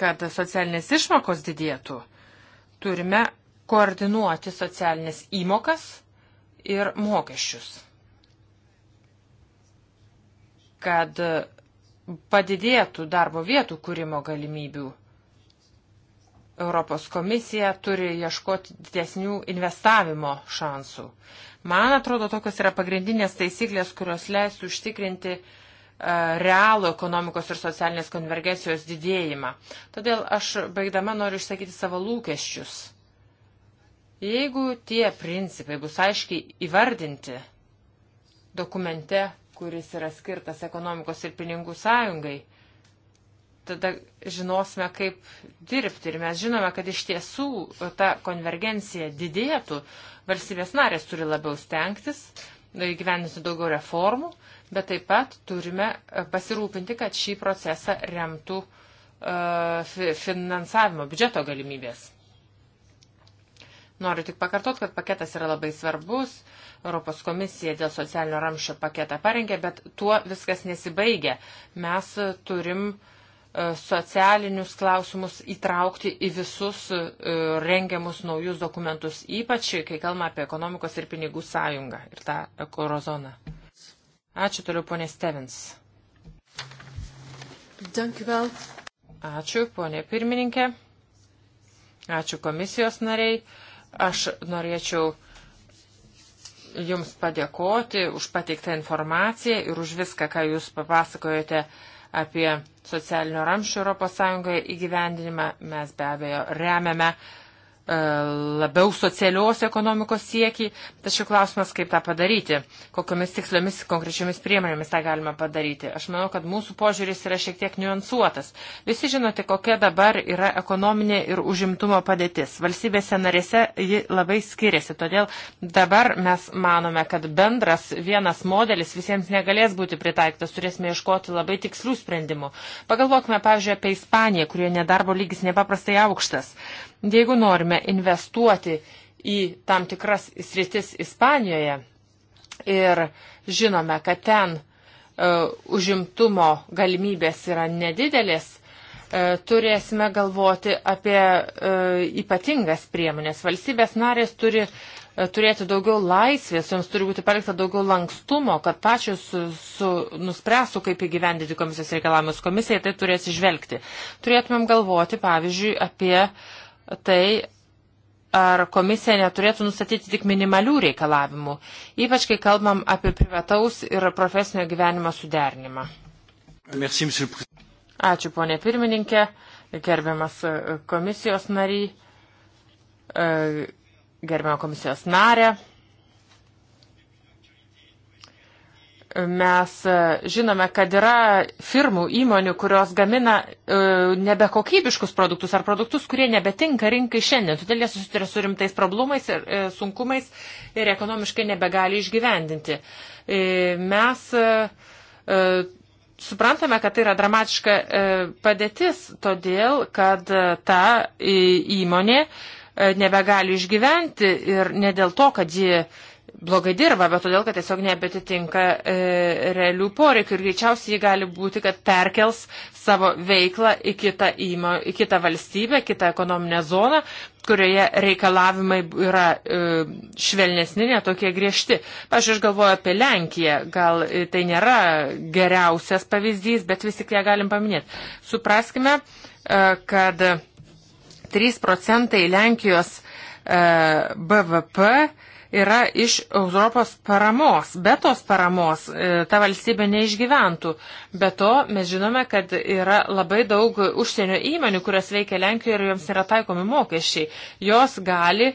kad socialinės išmokos didėtų, turime koordinuoti socialinės įmokas ir mokesčius. Kad padidėtų darbo vietų kūrimo galimybių. Europos komisija turi ieškoti didesnių investavimo šansų. Man atrodo, tokios yra pagrindinės taisyklės, kurios leis užtikrinti uh, E, realų ekonomikos ir socialinės konvergencijos didėjimą. Todėl aš baigdama noriu išsakyti savo lūkesčius. Jeigu tie principai bus aiškiai įvardinti dokumente, kuris yra skirtas ekonomikos ir pinigų sąjungai, tada žinosime, kaip dirbti. Ir mes žinome, kad iš tiesų ta konvergencija didėtų, valstybės narės turi labiau stengtis, gyveninti daugiau reformų bet taip pat turime e, pasirūpinti, kad šį procesą remtų e, finansavimo biudžeto galimybės. Noriu tik pakartot, kad paketas yra labai svarbus. Europos komisija dėl socialinio ramščio paketą parengė, bet tuo viskas nesibaigia. Mes turim e, socialinius klausimus įtraukti į visus rengiamus naujus dokumentus, ypač kai kalbame apie ekonomikos ir pinigų sąjungą ir tą eurozoną. Ačiū toliau, ponė Stevens. Dankvel. Ačiū, ponė pirmininkė. Ačiū komisijos nariai. Aš norėčiau Jums padėkoti už pateiktą informaciją ir už viską, ką Jūs papasakojote apie socialinio ramščio ES įgyvendinimą. Mes be abejo remiame uh, E, labiau socialios ekonomikos siekį, tačiau klausimas, kaip tą padaryti, kokiamis tiksliomis konkrečiomis priemonėmis tą galima padaryti. Aš manau, kad mūsų požiūris yra šiek tiek niuansuotas. Visi žinote, kokia dabar yra ekonominė ir užimtumo padėtis. Valstybėse narėse ji labai skiriasi, todėl dabar mes manome, kad bendras vienas modelis visiems negalės būti pritaiktas, turėsime ieškoti labai tikslių sprendimų. Pagalvokime, pavyzdžiui, apie Ispaniją, kurioje nedarbo lygis nepaprastai aukštas. Jeigu norime investuoti į tam tikras sritis Ispanijoje ir žinome, kad ten uh, užimtumo galimybės yra nedidelės, e, turėsime galvoti apie e, ypatingas priemonės. Valstybės narės turi turėti daugiau laisvės, joms turi būti palikta daugiau lankstumo, kad pačios su, su, nuspręstų, kaip įgyvendyti komisijos reikalavimus. Komisija tai turės išvelgti. Turėtumėm galvoti, pavyzdžiui, apie uh, tai, ar komisija neturėtų nustatyti tik minimalių reikalavimų, ypač kai kalbam apie privataus ir profesinio gyvenimo suderinimą. Ačiū, ponė pirmininkė, gerbiamas e, komisijos nariai, e, gerbiamą komisijos narę. mes e, žinome, kad yra firmų įmonių, kurios gamina e, nebekokybiškus produktus ar produktus, kurie nebetinka rinkai šiandien. Todėl jie susituria su rimtais problemais ir e, sunkumais ir ekonomiškai nebegali išgyvendinti. Mes suprantame, kad tai yra dramatiška padėtis, todėl kad ta įmonė nebegali išgyventi ir ne dėl to, kad ji blogai dirba, bet todėl, kad tiesiog nebetitinka e, realių poreikių ir greičiausiai jį gali būti, kad perkels savo veiklą į kitą, įmo, į kitą valstybę, kitą ekonominę zoną, kurioje reikalavimai yra e, švelnesni, netokie griežti. Aš išgalvoju apie Lenkiją, gal e, tai nėra geriausias pavyzdys, bet vis tik ją galim paminėti. Supraskime, e, kad 3 procentai Lenkijos e, BVP yra iš Europos paramos. Be tos paramos e, ta valstybė neišgyventų. Be to, mes žinome, kad yra labai daug užsienio įmonių, kurios veikia Lenkijoje ir joms yra taikomi mokesčiai. Jos gali e,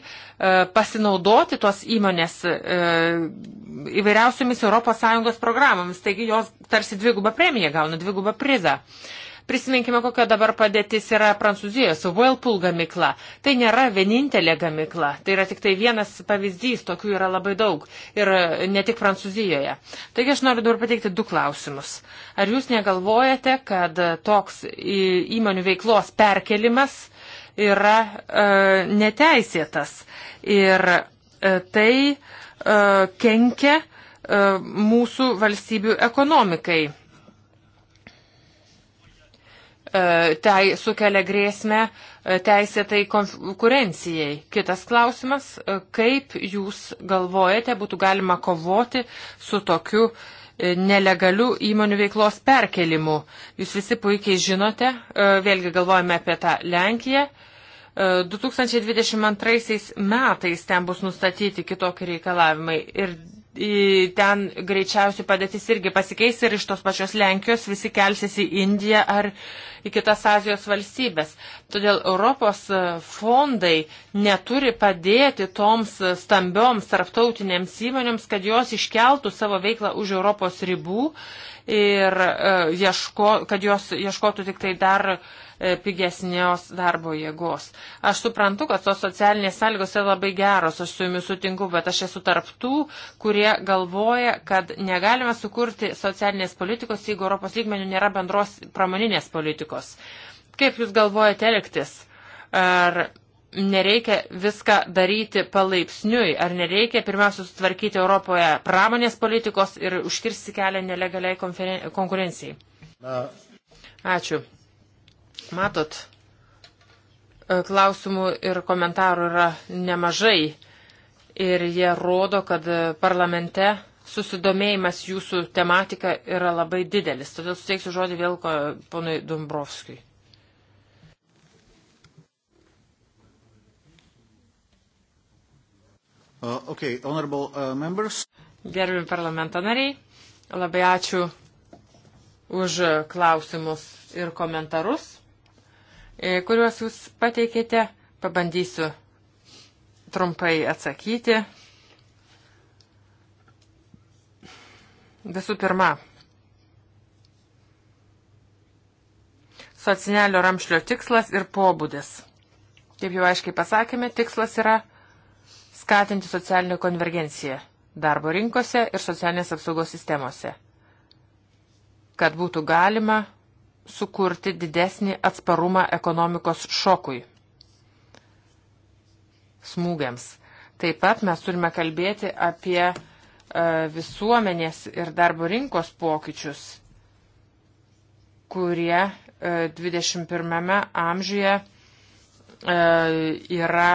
pasinaudoti tos įmonės e, įvairiausiomis ES programomis. Taigi jos tarsi dvigubą premiją gauna, dvigubą prizą. Uh, Prisiminkime, kokia dabar padėtis yra Prancūzijoje su Whirlpool gamikla. Tai nėra vienintelė gamikla, tai yra tik tai vienas pavyzdys, tokių yra labai daug ir e, ne tik Prancūzijoje. Taigi aš noriu dabar pateikti du klausimus. Ar jūs negalvojate, kad e, toks įmonių veiklos perkelimas yra e, neteisėtas ir e, tai e, kenkia e, mūsų valstybių ekonomikai tai sukelia grėsmę e, teisėtai konkurencijai. Kitas klausimas, e, kaip jūs galvojate, būtų galima kovoti su tokiu nelegaliu įmonių veiklos perkelimu. Jūs visi puikiai žinote, vėlgi galvojame apie tą Lenkiją. 2022 metais ten bus nustatyti kitokie reikalavimai ir ten greičiausiai padėtis irgi pasikeis ir iš tos pačios Lenkijos visi kelsis į Indiją ar į kitas Azijos valstybės. Todėl Europos fondai neturi padėti toms stambioms tarptautinėms įmonėms, kad jos iškeltų savo veiklą už Europos ribų ir e, ieško, kad jos ieškotų tik tai dar e, pigesnios darbo jėgos. Aš suprantu, kad tos socialinės sąlygos yra labai geros, aš su jumis sutinku, bet aš esu tarptų, kurie galvoja, kad negalime sukurti socialinės politikos, jeigu Europos lygmenių nėra bendros pramoninės politikos politikos. Kaip Jūs galvojate elgtis? Ar nereikia viską daryti palaipsniui? Ar nereikia pirmiausia sutvarkyti Europoje pramonės politikos ir užkirsti kelią nelegaliai konkurencijai? Na. Ačiū. Matot, e, klausimų ir komentarų yra nemažai ir jie rodo, kad e, parlamente susidomėjimas jūsų tematika yra labai didelis. Todėl suteiksiu žodį vėl ponui Dombrovskijui. Uh, okay, honorable uh, members. Gerbim parlamento nariai, labai ačiū už klausimus ir komentarus, e, kuriuos jūs pateikėte. Pabandysiu trumpai atsakyti. Visų pirma, socialinio ramšlio tikslas ir pobūdis. Kaip jau aiškiai pasakėme, tikslas yra skatinti socialinę konvergenciją darbo rinkose ir socialinės apsaugos sistemose, kad būtų galima sukurti didesnį atsparumą ekonomikos šokui, smūgiams. Taip pat mes turime kalbėti apie E, visuomenės ir darbo rinkos pokyčius, kurie 21 e, amžiuje e, yra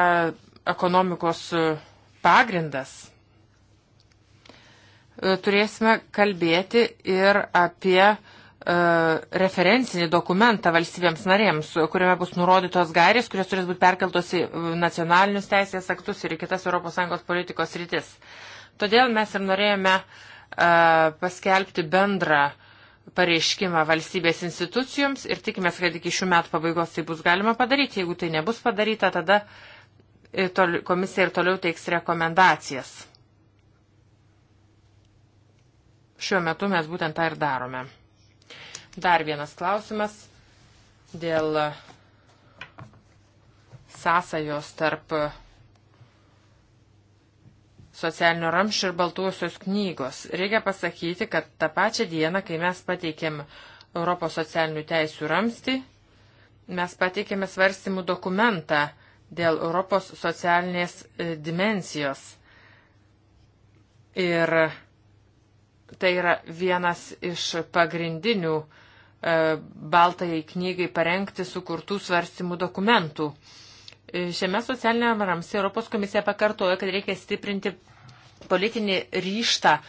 ekonomikos pagrindas. Turėsime kalbėti ir apie referencinį dokumentą valstybėms narėms, kuriame bus nurodytos gairės, kurios turės būti perkeltos į nacionalinius teisės aktus ir į kitas ES politikos rytis. Uh, Todėl mes ir norėjome e, paskelbti bendrą pareiškimą valstybės institucijoms ir tikimės, kad iki šių metų pabaigos tai bus galima padaryti. Jeigu tai nebus padaryta, tada komisija ir toliau teiks rekomendacijas. Šiuo metu mes būtent tą ir darome. Dar vienas klausimas dėl sąsajos tarp socialinio ramščio ir baltuosios knygos. Reikia pasakyti, kad tą pačią dieną, kai mes pateikėm Europos socialinių teisių ramsti, mes pateikėme svarstymų dokumentą dėl Europos socialinės e, dimensijos. Ir tai yra vienas iš pagrindinių e, Baltajai knygai parengti sukurtų svarstymų dokumentų. E, šiame socialinėme ramsi Europos komisija pakartoja, kad reikia stiprinti politinį ryštą e,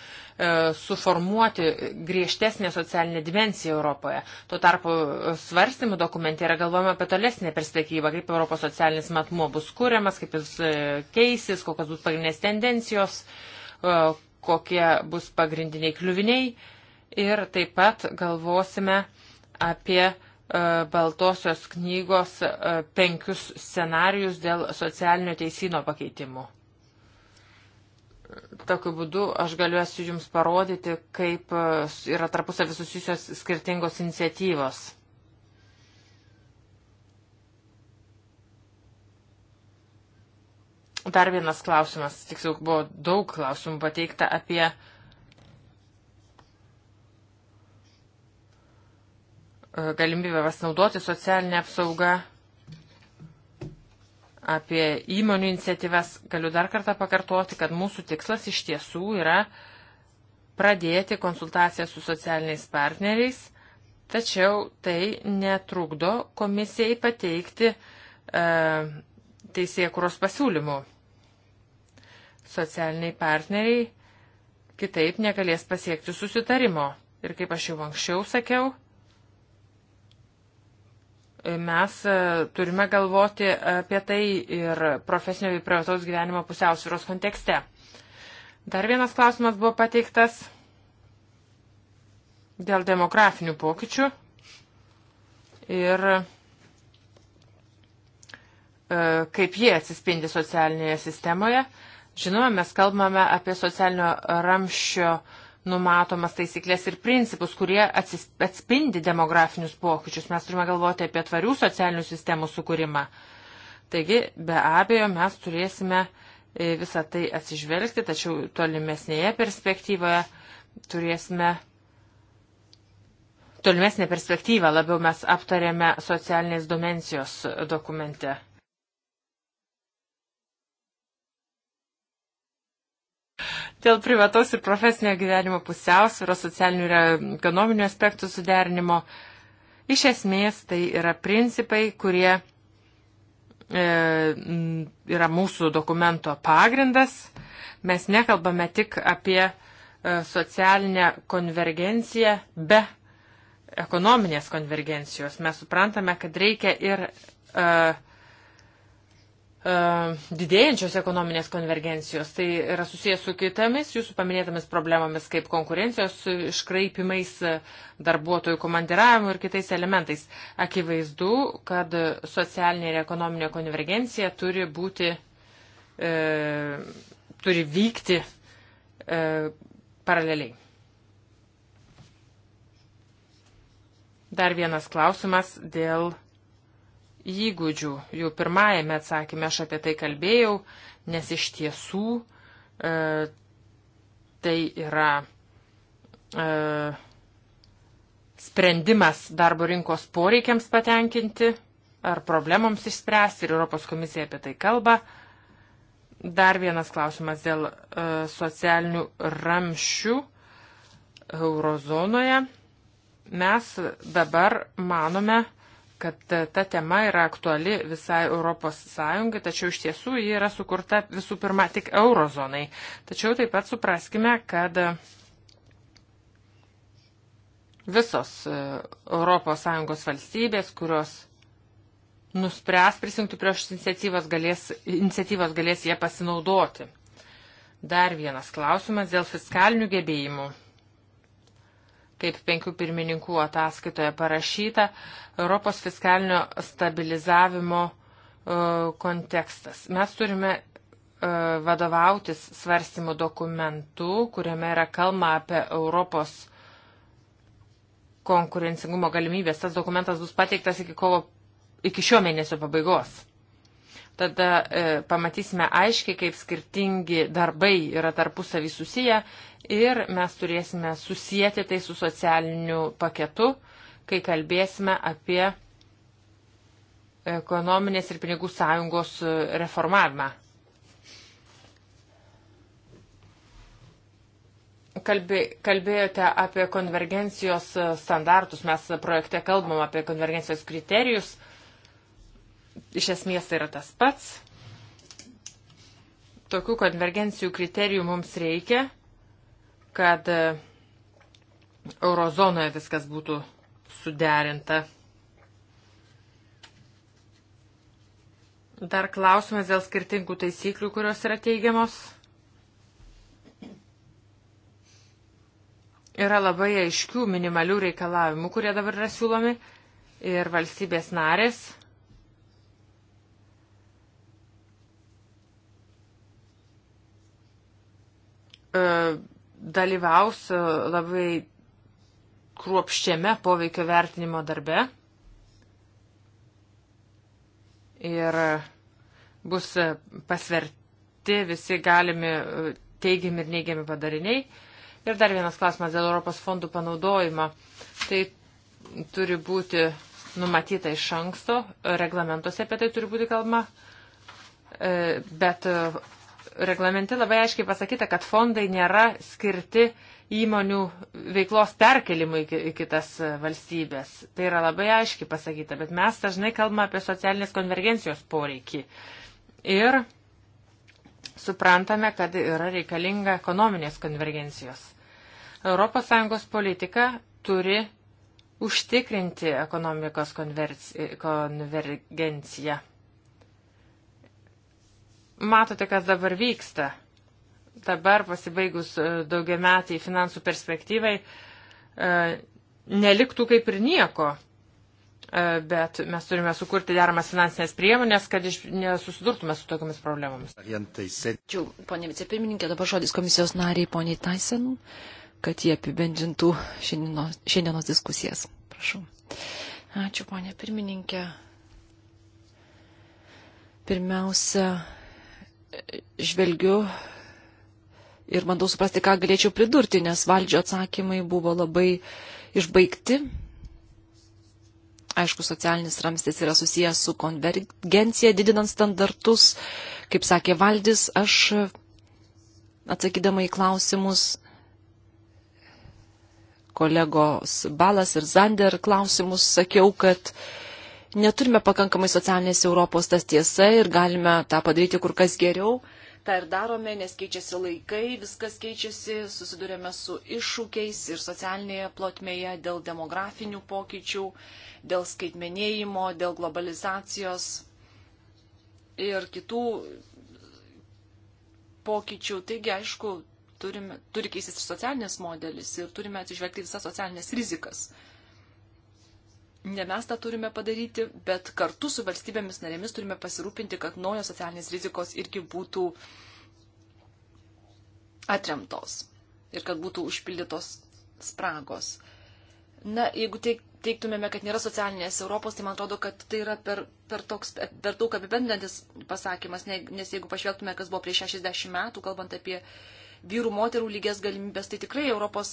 suformuoti griežtesnę socialinę dimensiją Europoje. Tuo tarpu e, svarstymų dokumente yra galvojama apie tolesnę perspektyvą, kaip Europos socialinis matmuo bus kūriamas, kaip jis e, keisis, kokios bus pagrindinės tendencijos, kokie bus pagrindiniai kliuviniai. Ir taip pat galvosime apie Baltosios knygos penkius scenarius dėl socialinio teisino pakeitimų tokiu būdu aš galėsiu Jums parodyti, kaip e, yra tarpusavį susijusios skirtingos iniciatyvos. Dar vienas klausimas, tiksliau buvo daug klausimų pateikta apie e, galimybę pasinaudoti socialinę apsaugą apie įmonių iniciatyvas, galiu dar kartą pakartoti, kad mūsų tikslas iš tiesų yra pradėti konsultaciją su socialiniais partneriais, tačiau tai netrukdo komisijai pateikti e, teisėkuros pasiūlymų. Socialiniai partneriai kitaip negalės pasiekti susitarimo. Ir kaip aš jau anksčiau sakiau, Mes e, turime galvoti apie tai ir profesinio bei privataus gyvenimo pusiausvyros kontekste. Dar vienas klausimas buvo pateiktas dėl demografinių pokyčių ir e, kaip jie atsispindi socialinėje sistemoje. Žinoma, mes kalbame apie socialinio ramščio uh, numatomas taisyklės ir principus, kurie atspindi demografinius pokyčius. Mes turime galvoti apie tvarių socialinių sistemų sukūrimą. Taigi, be abejo, mes turėsime e, visą tai atsižvelgti, tačiau tolimesnėje perspektyvoje turėsime. Tolimesnė perspektyva labiau mes aptarėme socialinės dimensijos dokumente. Dėl privataus ir profesinio gyvenimo pusiausvėros socialinių ir ekonominių aspektų suderinimo, iš esmės tai yra principai, kurie e, yra mūsų dokumento pagrindas. Mes nekalbame tik apie e, socialinę konvergenciją be ekonominės konvergencijos. Mes suprantame, kad reikia ir e, E, didėjančios ekonominės konvergencijos. Tai yra susijęs su kitomis jūsų paminėtomis problemomis, kaip konkurencijos iškraipimais, darbuotojų komandiravimu ir kitais elementais. Akivaizdu, kad socialinė ir ekonominė konvergencija turi būti, e, turi vykti e, paraleliai. Dar vienas klausimas dėl įgūdžių. Jau pirmajame atsakymė aš apie tai kalbėjau, nes iš tiesų e, tai yra e, sprendimas darbo rinkos poreikiams patenkinti ar problemams išspręsti ir Europos komisija apie tai kalba. Dar vienas klausimas dėl e, socialinių ramšių eurozonoje. Mes dabar manome, kad ta tema yra aktuali visai Europos Sąjungai, tačiau iš tiesų ji yra sukurta visų pirma tik eurozonai. Tačiau taip pat supraskime, kad visos e, Europos Sąjungos valstybės, kurios nuspręs prisijungti prieš iniciatyvas, galės, iniciatyvas galės jie pasinaudoti. Dar vienas klausimas dėl fiskalinių gebėjimų kaip penkių pirmininkų ataskaitoje parašyta, Europos fiskalinio stabilizavimo e, kontekstas. Mes turime e, vadovautis svarstymų dokumentu, kuriame yra kalba apie Europos konkurencingumo galimybės. Tas dokumentas bus pateiktas iki, kovo, iki šio mėnesio pabaigos. Tada e, pamatysime aiškiai, kaip skirtingi darbai yra tarpusavį susiję ir mes turėsime susijęti tai su socialiniu paketu, kai kalbėsime apie ekonominės ir pinigų sąjungos reformavimą. Kalbėjote apie konvergencijos standartus, mes projekte kalbam apie konvergencijos kriterijus. Iš esmės tai yra tas pats. Tokių konvergencijų kriterijų mums reikia kad e, eurozonoje viskas būtų suderinta. Dar klausimas dėl skirtingų taisyklių, kurios yra teigiamos. Yra labai aiškių minimalių reikalavimų, kurie dabar yra siūlomi ir valstybės narės. Uh, e, dalyvaus labai kruopščiame poveikio vertinimo darbe ir bus pasverti visi galimi teigiami ir neigiami padariniai. Ir dar vienas klausimas dėl Europos fondų panaudojimo. Tai turi būti numatyta iš anksto, reglamentuose apie tai turi būti kalba, e, bet reglamente labai aiškiai pasakyta, kad fondai nėra skirti įmonių veiklos perkelimui į kitas valstybės. Tai yra labai aiškiai pasakyta, bet mes dažnai kalbame apie socialinės konvergencijos poreikį. Ir suprantame, kad yra reikalinga ekonominės konvergencijos. ES politika turi užtikrinti ekonomikos konvergenciją. Matote, kas dabar vyksta. Dabar pasibaigus e, daugiametiai finansų perspektyvai e, neliktų kaip ir nieko e, bet mes turime sukurti deramas finansinės priemonės, kad iš, nesusidurtume su tokiamis problemomis. Ačiū, ponė vicepirmininkė, dabar žodis komisijos nariai, poniai Taisen, kad jie apibendrintų šiandienos, šiandienos diskusijas. Prašau. Ačiū, ponė pirmininkė. Pirmiausia, žvelgiu ir bandau suprasti, ką galėčiau pridurti, nes valdžio atsakymai buvo labai išbaigti. Aišku, socialinis ramstis yra susijęs su konvergencija, didinant standartus. Kaip sakė valdys, aš atsakydama į klausimus kolegos Balas ir Zander klausimus sakiau, kad uh, neturime pakankamai socialinės Europos, tas tiesa, ir galime tą padaryti kur kas geriau. Ta ir darome, nes keičiasi laikai, viskas keičiasi, susidurėme su iššūkiais ir socialinėje plotmėje dėl demografinių pokyčių, dėl skaitmenėjimo, dėl globalizacijos ir kitų pokyčių. Taigi, aišku, turime, turi keistis ir socialinis modelis ir turime atsižvelgti visas socialinės rizikas. Uh, ne mes tą turime padaryti, bet kartu su valstybėmis narėmis turime pasirūpinti, kad naujos socialinės rizikos irgi būtų atremtos ir kad būtų užpildytos spragos. Na, jeigu teiktumėme, kad nėra socialinės Europos, tai man atrodo, kad tai yra per, per, toks, per daug apibendrantis pasakymas, nes jeigu pažvelgtume, kas buvo prieš 60 metų, kalbant apie vyrų moterų lygias galimybės, tai tikrai ES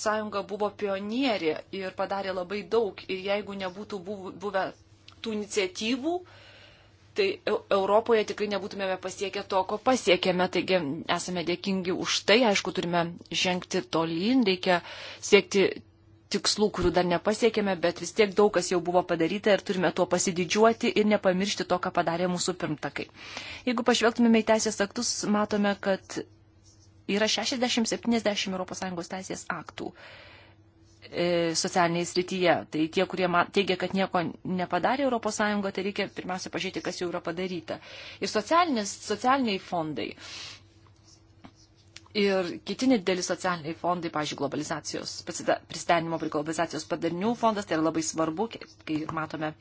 buvo pionierė ir padarė labai daug. Ir jeigu nebūtų buvę tų iniciatyvų, tai Europoje tikrai nebūtumėme pasiekę to, ko pasiekėme. Taigi esame dėkingi už tai, aišku, turime žengti tolyn, reikia siekti tikslų, kurių dar nepasiekėme, bet vis tiek daug kas jau buvo padaryta ir turime tuo pasididžiuoti ir nepamiršti to, ką padarė mūsų pirmtakai. Jeigu pažvelgtumėme į teisės aktus, matome, kad yra 60-70 ES teisės aktų e, socialiniai srityje. Tai tie, kurie man, teigia, kad nieko nepadarė ES, tai reikia pirmiausia pažiūrėti, kas jau yra padaryta. Ir socialiniai fondai. Ir kiti nedėlis socialiniai fondai, pažiūrėjau, globalizacijos, pristenimo prie globalizacijos padarinių fondas, tai yra labai svarbu, kai matome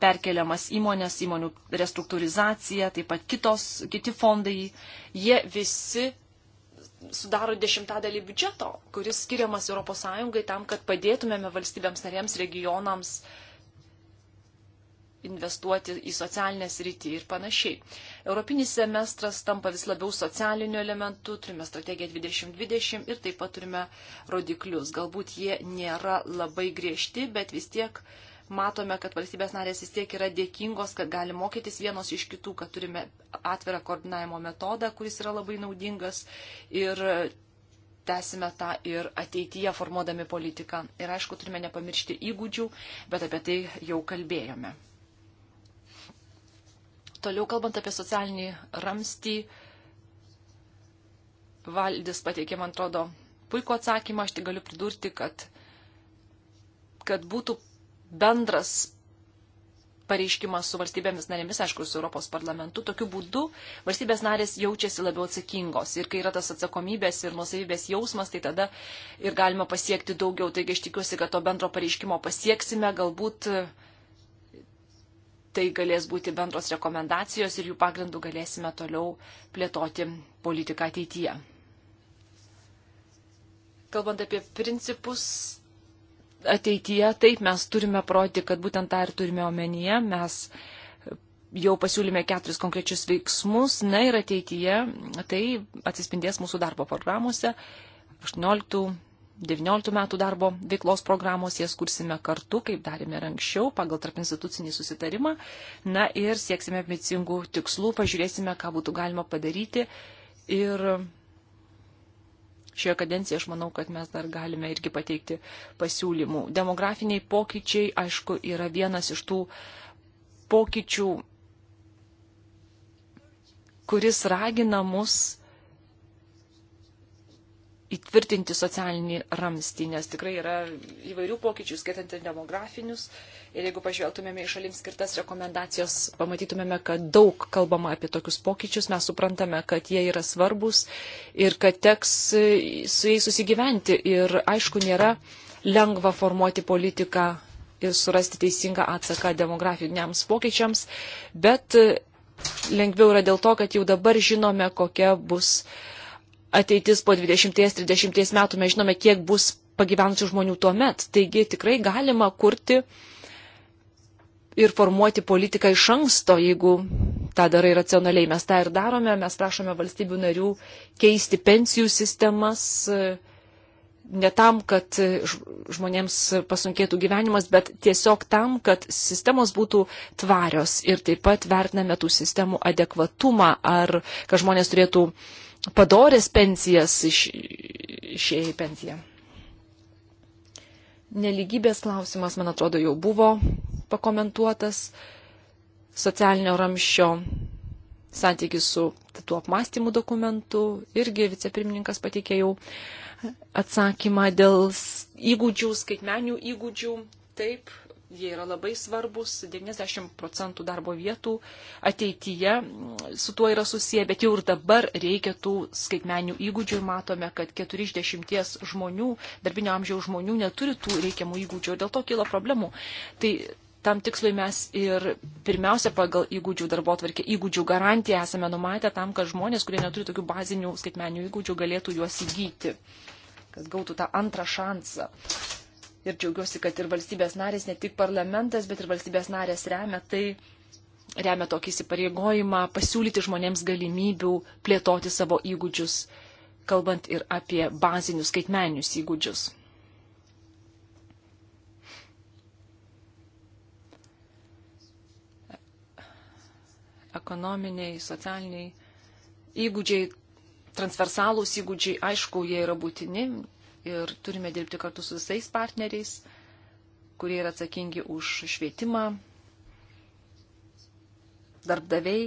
perkeliamas įmonės, įmonių restruktūrizacija, taip pat kitos, kiti fondai, jie visi sudaro dešimtadalį biudžeto, kuris skiriamas ES tam, kad padėtumėme valstybėms narėms, regionams investuoti į socialinę sritį ir panašiai. Europinis semestras tampa vis labiau socialiniu elementu, turime strategiją 2020 ir taip pat turime rodiklius. Galbūt jie nėra labai griežti, bet vis tiek uh, matome, kad valstybės narės vis tiek yra dėkingos, kad gali mokytis vienos iš kitų, kad turime atvirą koordinavimo metodą, kuris yra labai naudingas ir tęsime tą ir ateityje formuodami politiką. Ir aišku, turime nepamiršti įgūdžių, bet apie tai jau kalbėjome. Toliau kalbant apie socialinį ramstį, valdys pateikė, man atrodo, puikų atsakymą, aš tik galiu pridurti, kad, kad būtų bendras pareiškimas su valstybėmis narėmis, aišku, su Europos parlamentu. Tokiu būdu valstybės narės jaučiasi labiau atsakingos. Ir kai yra tas atsakomybės ir nusavybės jausmas, tai tada ir galima pasiekti daugiau. Taigi aš tikiuosi, kad to bendro pareiškimo pasieksime. Galbūt tai galės būti bendros rekomendacijos ir jų pagrindų galėsime toliau plėtoti politiką ateityje. Kalbant apie principus, ateityje taip mes turime parodyti, kad būtent tą ir turime omenyje. Mes jau pasiūlėme keturis konkrečius veiksmus, na ir ateityje tai atsispindės mūsų darbo programuose. 18-19 metų darbo veiklos programos jas kursime kartu, kaip darėme ir anksčiau, pagal tarp institucinį susitarimą. Na ir sieksime ambicingų tikslų, pažiūrėsime, ką būtų galima padaryti. Ir šioje kadencijoje aš manau, kad mes dar galime irgi pateikti pasiūlymų. Demografiniai pokyčiai, aišku, yra vienas iš tų pokyčių, kuris ragina mus įtvirtinti socialinį ramstį, nes tikrai yra įvairių pokyčių, skaitant ir demografinius. Ir jeigu pažvelgtumėme į šalims skirtas rekomendacijas, pamatytumėme, kad daug kalbama apie tokius pokyčius, mes suprantame, kad jie yra svarbus ir kad teks e, su jais susigyventi. Ir aišku, nėra lengva formuoti politiką ir surasti teisingą atsaką demografiniams pokyčiams, bet e, lengviau yra dėl to, kad jau dabar žinome, kokia bus uh, ateitis po 20-30 metų, mes žinome, kiek bus pagyvenusių žmonių tuo met. Taigi tikrai galima kurti ir formuoti politiką iš anksto, jeigu tą darai racionaliai. Mes tą ir darome, mes prašome valstybių narių keisti pensijų sistemas, ne tam, kad žmonėms pasunkėtų gyvenimas, bet tiesiog tam, kad sistemos būtų tvarios ir taip pat vertiname tų sistemų adekvatumą, ar kad žmonės turėtų uh, padorės pensijas iš, išėję į pensiją. Neligybės klausimas, man atrodo, jau buvo pakomentuotas. Socialinio ramščio santykis su tuo apmąstymu dokumentu irgi vicepirmininkas pateikė jau atsakymą dėl įgūdžių, skaitmenių įgūdžių. Taip, Jie yra labai svarbus, 90 procentų darbo vietų ateityje mm, su tuo yra susiję, bet jau ir dabar reikia tų skaitmenių įgūdžių ir matome, kad 4 iš 10 žmonių, darbinio amžiaus žmonių neturi tų reikiamų įgūdžių ir dėl to kyla problemų. Tai tam tikslui mes ir pirmiausia pagal įgūdžių darbo atvarkę, įgūdžių garantiją esame numatę tam, kad žmonės, kurie neturi tokių bazinių skaitmenių įgūdžių, galėtų juos įgyti, kad gautų tą antrą šansą ir džiaugiuosi, kad ir valstybės narės, ne tik parlamentas, bet ir valstybės narės remia tai, remia tokį įsipareigojimą pasiūlyti žmonėms galimybių plėtoti savo įgūdžius, kalbant ir apie bazinius skaitmeninius įgūdžius. Ekonominiai, socialiniai įgūdžiai, transversalūs įgūdžiai, aišku, jie yra būtini, ir turime dirbti kartu su visais partneriais, kurie yra atsakingi už švietimą, darbdaviai,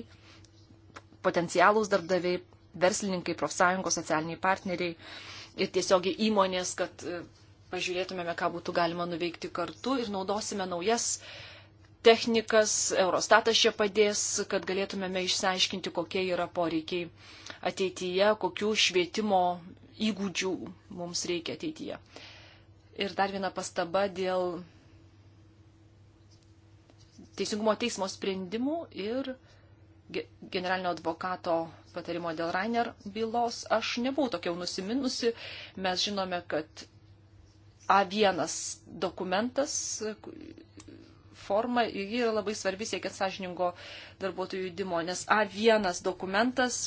potencialūs darbdaviai, verslininkai, profsąjungos, socialiniai partneriai ir tiesiog įmonės, kad e, pažiūrėtumėme, ką būtų galima nuveikti kartu ir naudosime naujas technikas, Eurostatas čia padės, kad galėtumėme išsiaiškinti, kokie yra poreikiai ateityje, kokių švietimo įgūdžių mums reikia ateityje. Ir dar viena pastaba dėl Teisingumo teismo sprendimų ir generalinio advokato patarimo dėl Rainer bylos. Aš nebuvau tokia jau nusiminusi. Mes žinome, kad A1 dokumentas forma, ji yra labai svarbi siekiant sąžiningo darbuotojų judimo, nes A1 dokumentas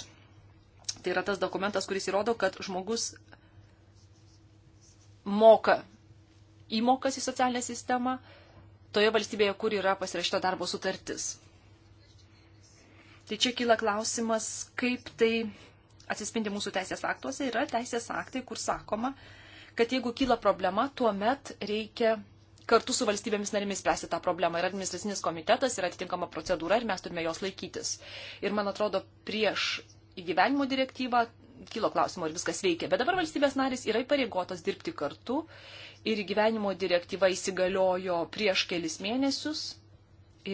Tai yra tas dokumentas, kuris įrodo, kad žmogus moka įmokas į socialinę sistemą toje valstybėje, kur yra pasirašyta darbo sutartis. Tai čia kyla klausimas, kaip tai atsispindi mūsų teisės aktuose. Yra teisės aktai, kur sakoma, kad jeigu kyla problema, tuomet reikia kartu su valstybėmis narėmis spręsti tą problemą. Yra administracinis komitetas, yra atitinkama procedūra ir mes turime jos laikytis. Ir man atrodo, prieš įgyvenimo direktyvą, kilo klausimo, ar viskas veikia. Bet dabar valstybės narės yra įpareigotos dirbti kartu ir įgyvenimo direktyva įsigaliojo prieš kelis mėnesius.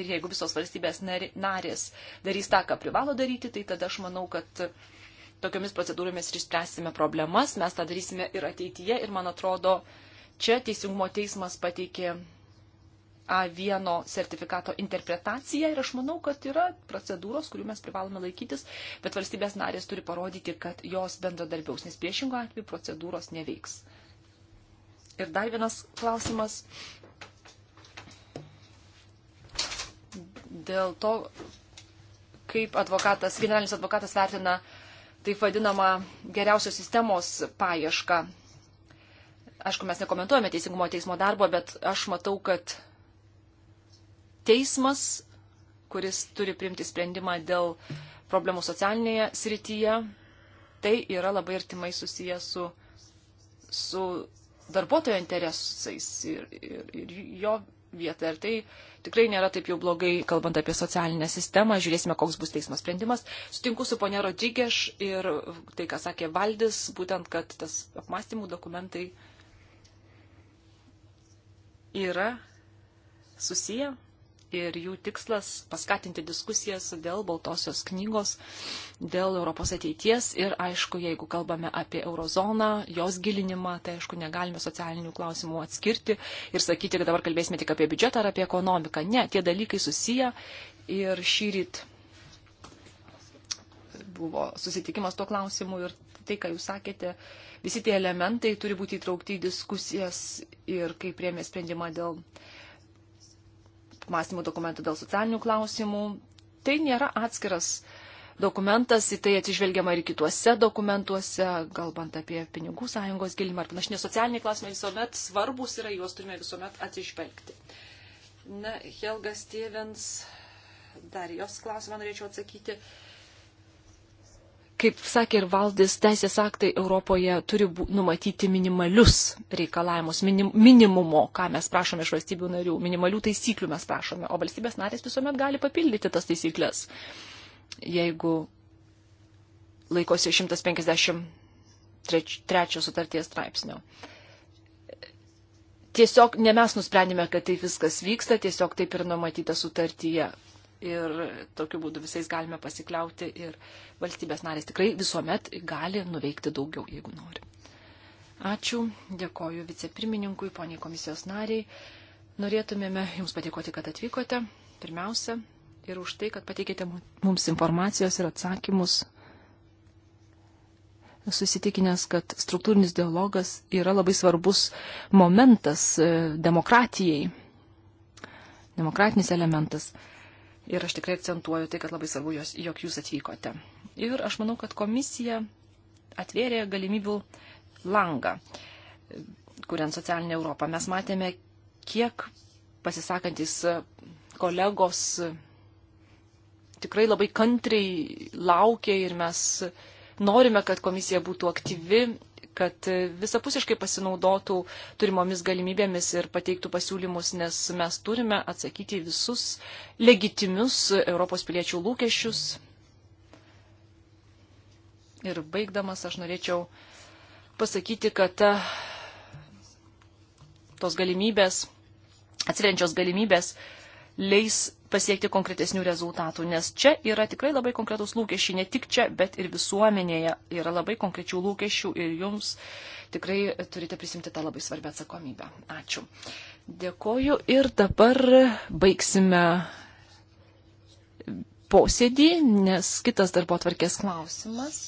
Ir jeigu visos valstybės narės darys tą, ką privalo daryti, tai tada aš manau, kad tokiomis procedūromis ir išspręsime problemas. Mes tą darysime ir ateityje. Ir man atrodo, čia Teisingumo teismas pateikė A1 sertifikato interpretacija ir aš manau, kad yra procedūros, kurių mes privalome laikytis, bet valstybės narės turi parodyti, kad jos bendradarbiaus, nes priešingo atveju procedūros neveiks. Ir dar vienas klausimas dėl to, kaip advokatas, generalinis advokatas vertina taip vadinamą geriausios sistemos paiešką. Aišku, mes nekomentuojame teisingumo teismo darbo, bet aš matau, kad teismas, kuris turi primti sprendimą dėl problemų socialinėje srityje, tai yra labai artimai susiję su, su darbuotojo interesais ir, ir, ir jo vieta. Ir tai tikrai nėra taip jau blogai, kalbant apie socialinę sistemą. Žiūrėsime, koks bus teismo sprendimas. Sutinku su ponė Rodžygėš ir tai, ką sakė Valdis, būtent, kad tas apmąstymų dokumentai yra susiję ir jų tikslas paskatinti diskusijas dėl Baltosios knygos, dėl Europos ateities ir aišku, jeigu kalbame apie eurozoną, jos gilinimą, tai aišku, negalime socialinių klausimų atskirti ir sakyti, kad dabar kalbėsime tik apie biudžetą ar apie ekonomiką. Ne, tie dalykai susiję ir šį rytą buvo susitikimas tuo klausimu ir tai, ką jūs sakėte, visi tie elementai turi būti įtraukti į diskusijas ir kai priemė sprendimą dėl mąstymo dokumentą dėl socialinių klausimų. Tai nėra atskiras dokumentas, į tai atsižvelgiama ir kituose dokumentuose, galbant apie pinigų sąjungos gilimą ar panašiai. Socialiniai klausimai visuomet svarbus yra, juos turime visuomet atsižvelgti. Na, Helga Stevens, dar jos klausimą norėčiau atsakyti. Uh, kaip sakė ir valdys, teisės aktai Europoje turi numatyti minimalius reikalavimus, minim, minimumo, ką mes prašome iš valstybių narių, minimalių taisyklių mes prašome, o valstybės narės visuomet gali papildyti tas taisyklės. Jeigu laikosi 153 sutarties straipsnio. Tiesiog ne mes nusprendėme, kad taip viskas vyksta, tiesiog taip ir numatyta sutartyje ir tokiu būdu visais galime pasikliauti ir valstybės narės tikrai visuomet gali nuveikti daugiau, jeigu nori. Ačiū, dėkoju vicepirmininkui, poniai komisijos nariai. Norėtumėme Jums padėkoti, kad atvykote pirmiausia ir už tai, kad pateikėte mums informacijos ir atsakymus. Susitikinęs, kad struktūrinis dialogas yra labai svarbus momentas e, demokratijai demokratinis elementas. Ir aš tikrai akcentuoju tai, kad labai svarbu, jos, jog jūs atvykote. Ir aš manau, kad komisija atvėrė galimybių langą, kuriant socialinę Europą. Mes matėme, kiek pasisakantis kolegos tikrai labai kantriai laukia ir mes norime, kad komisija būtų aktyvi kad visapusiškai pasinaudotų turimomis galimybėmis ir pateiktų pasiūlymus, nes mes turime atsakyti į visus legitimius Europos piliečių lūkesčius. Ir baigdamas aš norėčiau pasakyti, kad ta, e, tos galimybės, atsiveriančios galimybės, uh, leis pasiekti konkretesnių rezultatų, nes čia yra tikrai labai konkretus lūkesčiai, ne tik čia, bet ir visuomenėje yra labai konkrečių lūkesčių ir jums tikrai turite prisimti tą labai svarbią atsakomybę. Ačiū. Dėkoju ir dabar baigsime posėdį, nes kitas darbo atvarkės klausimas.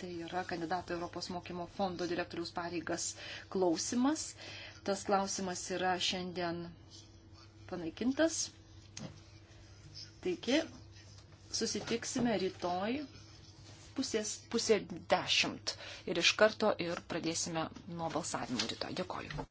Tai yra kandidato Europos mokymo fondo direktorius pareigas klausimas. Tas klausimas yra šiandien panaikintas. Taigi, susitiksime rytoj pusės, pusė dešimt ir iš karto ir pradėsime nuo balsavimo rytoj. Dėkoju.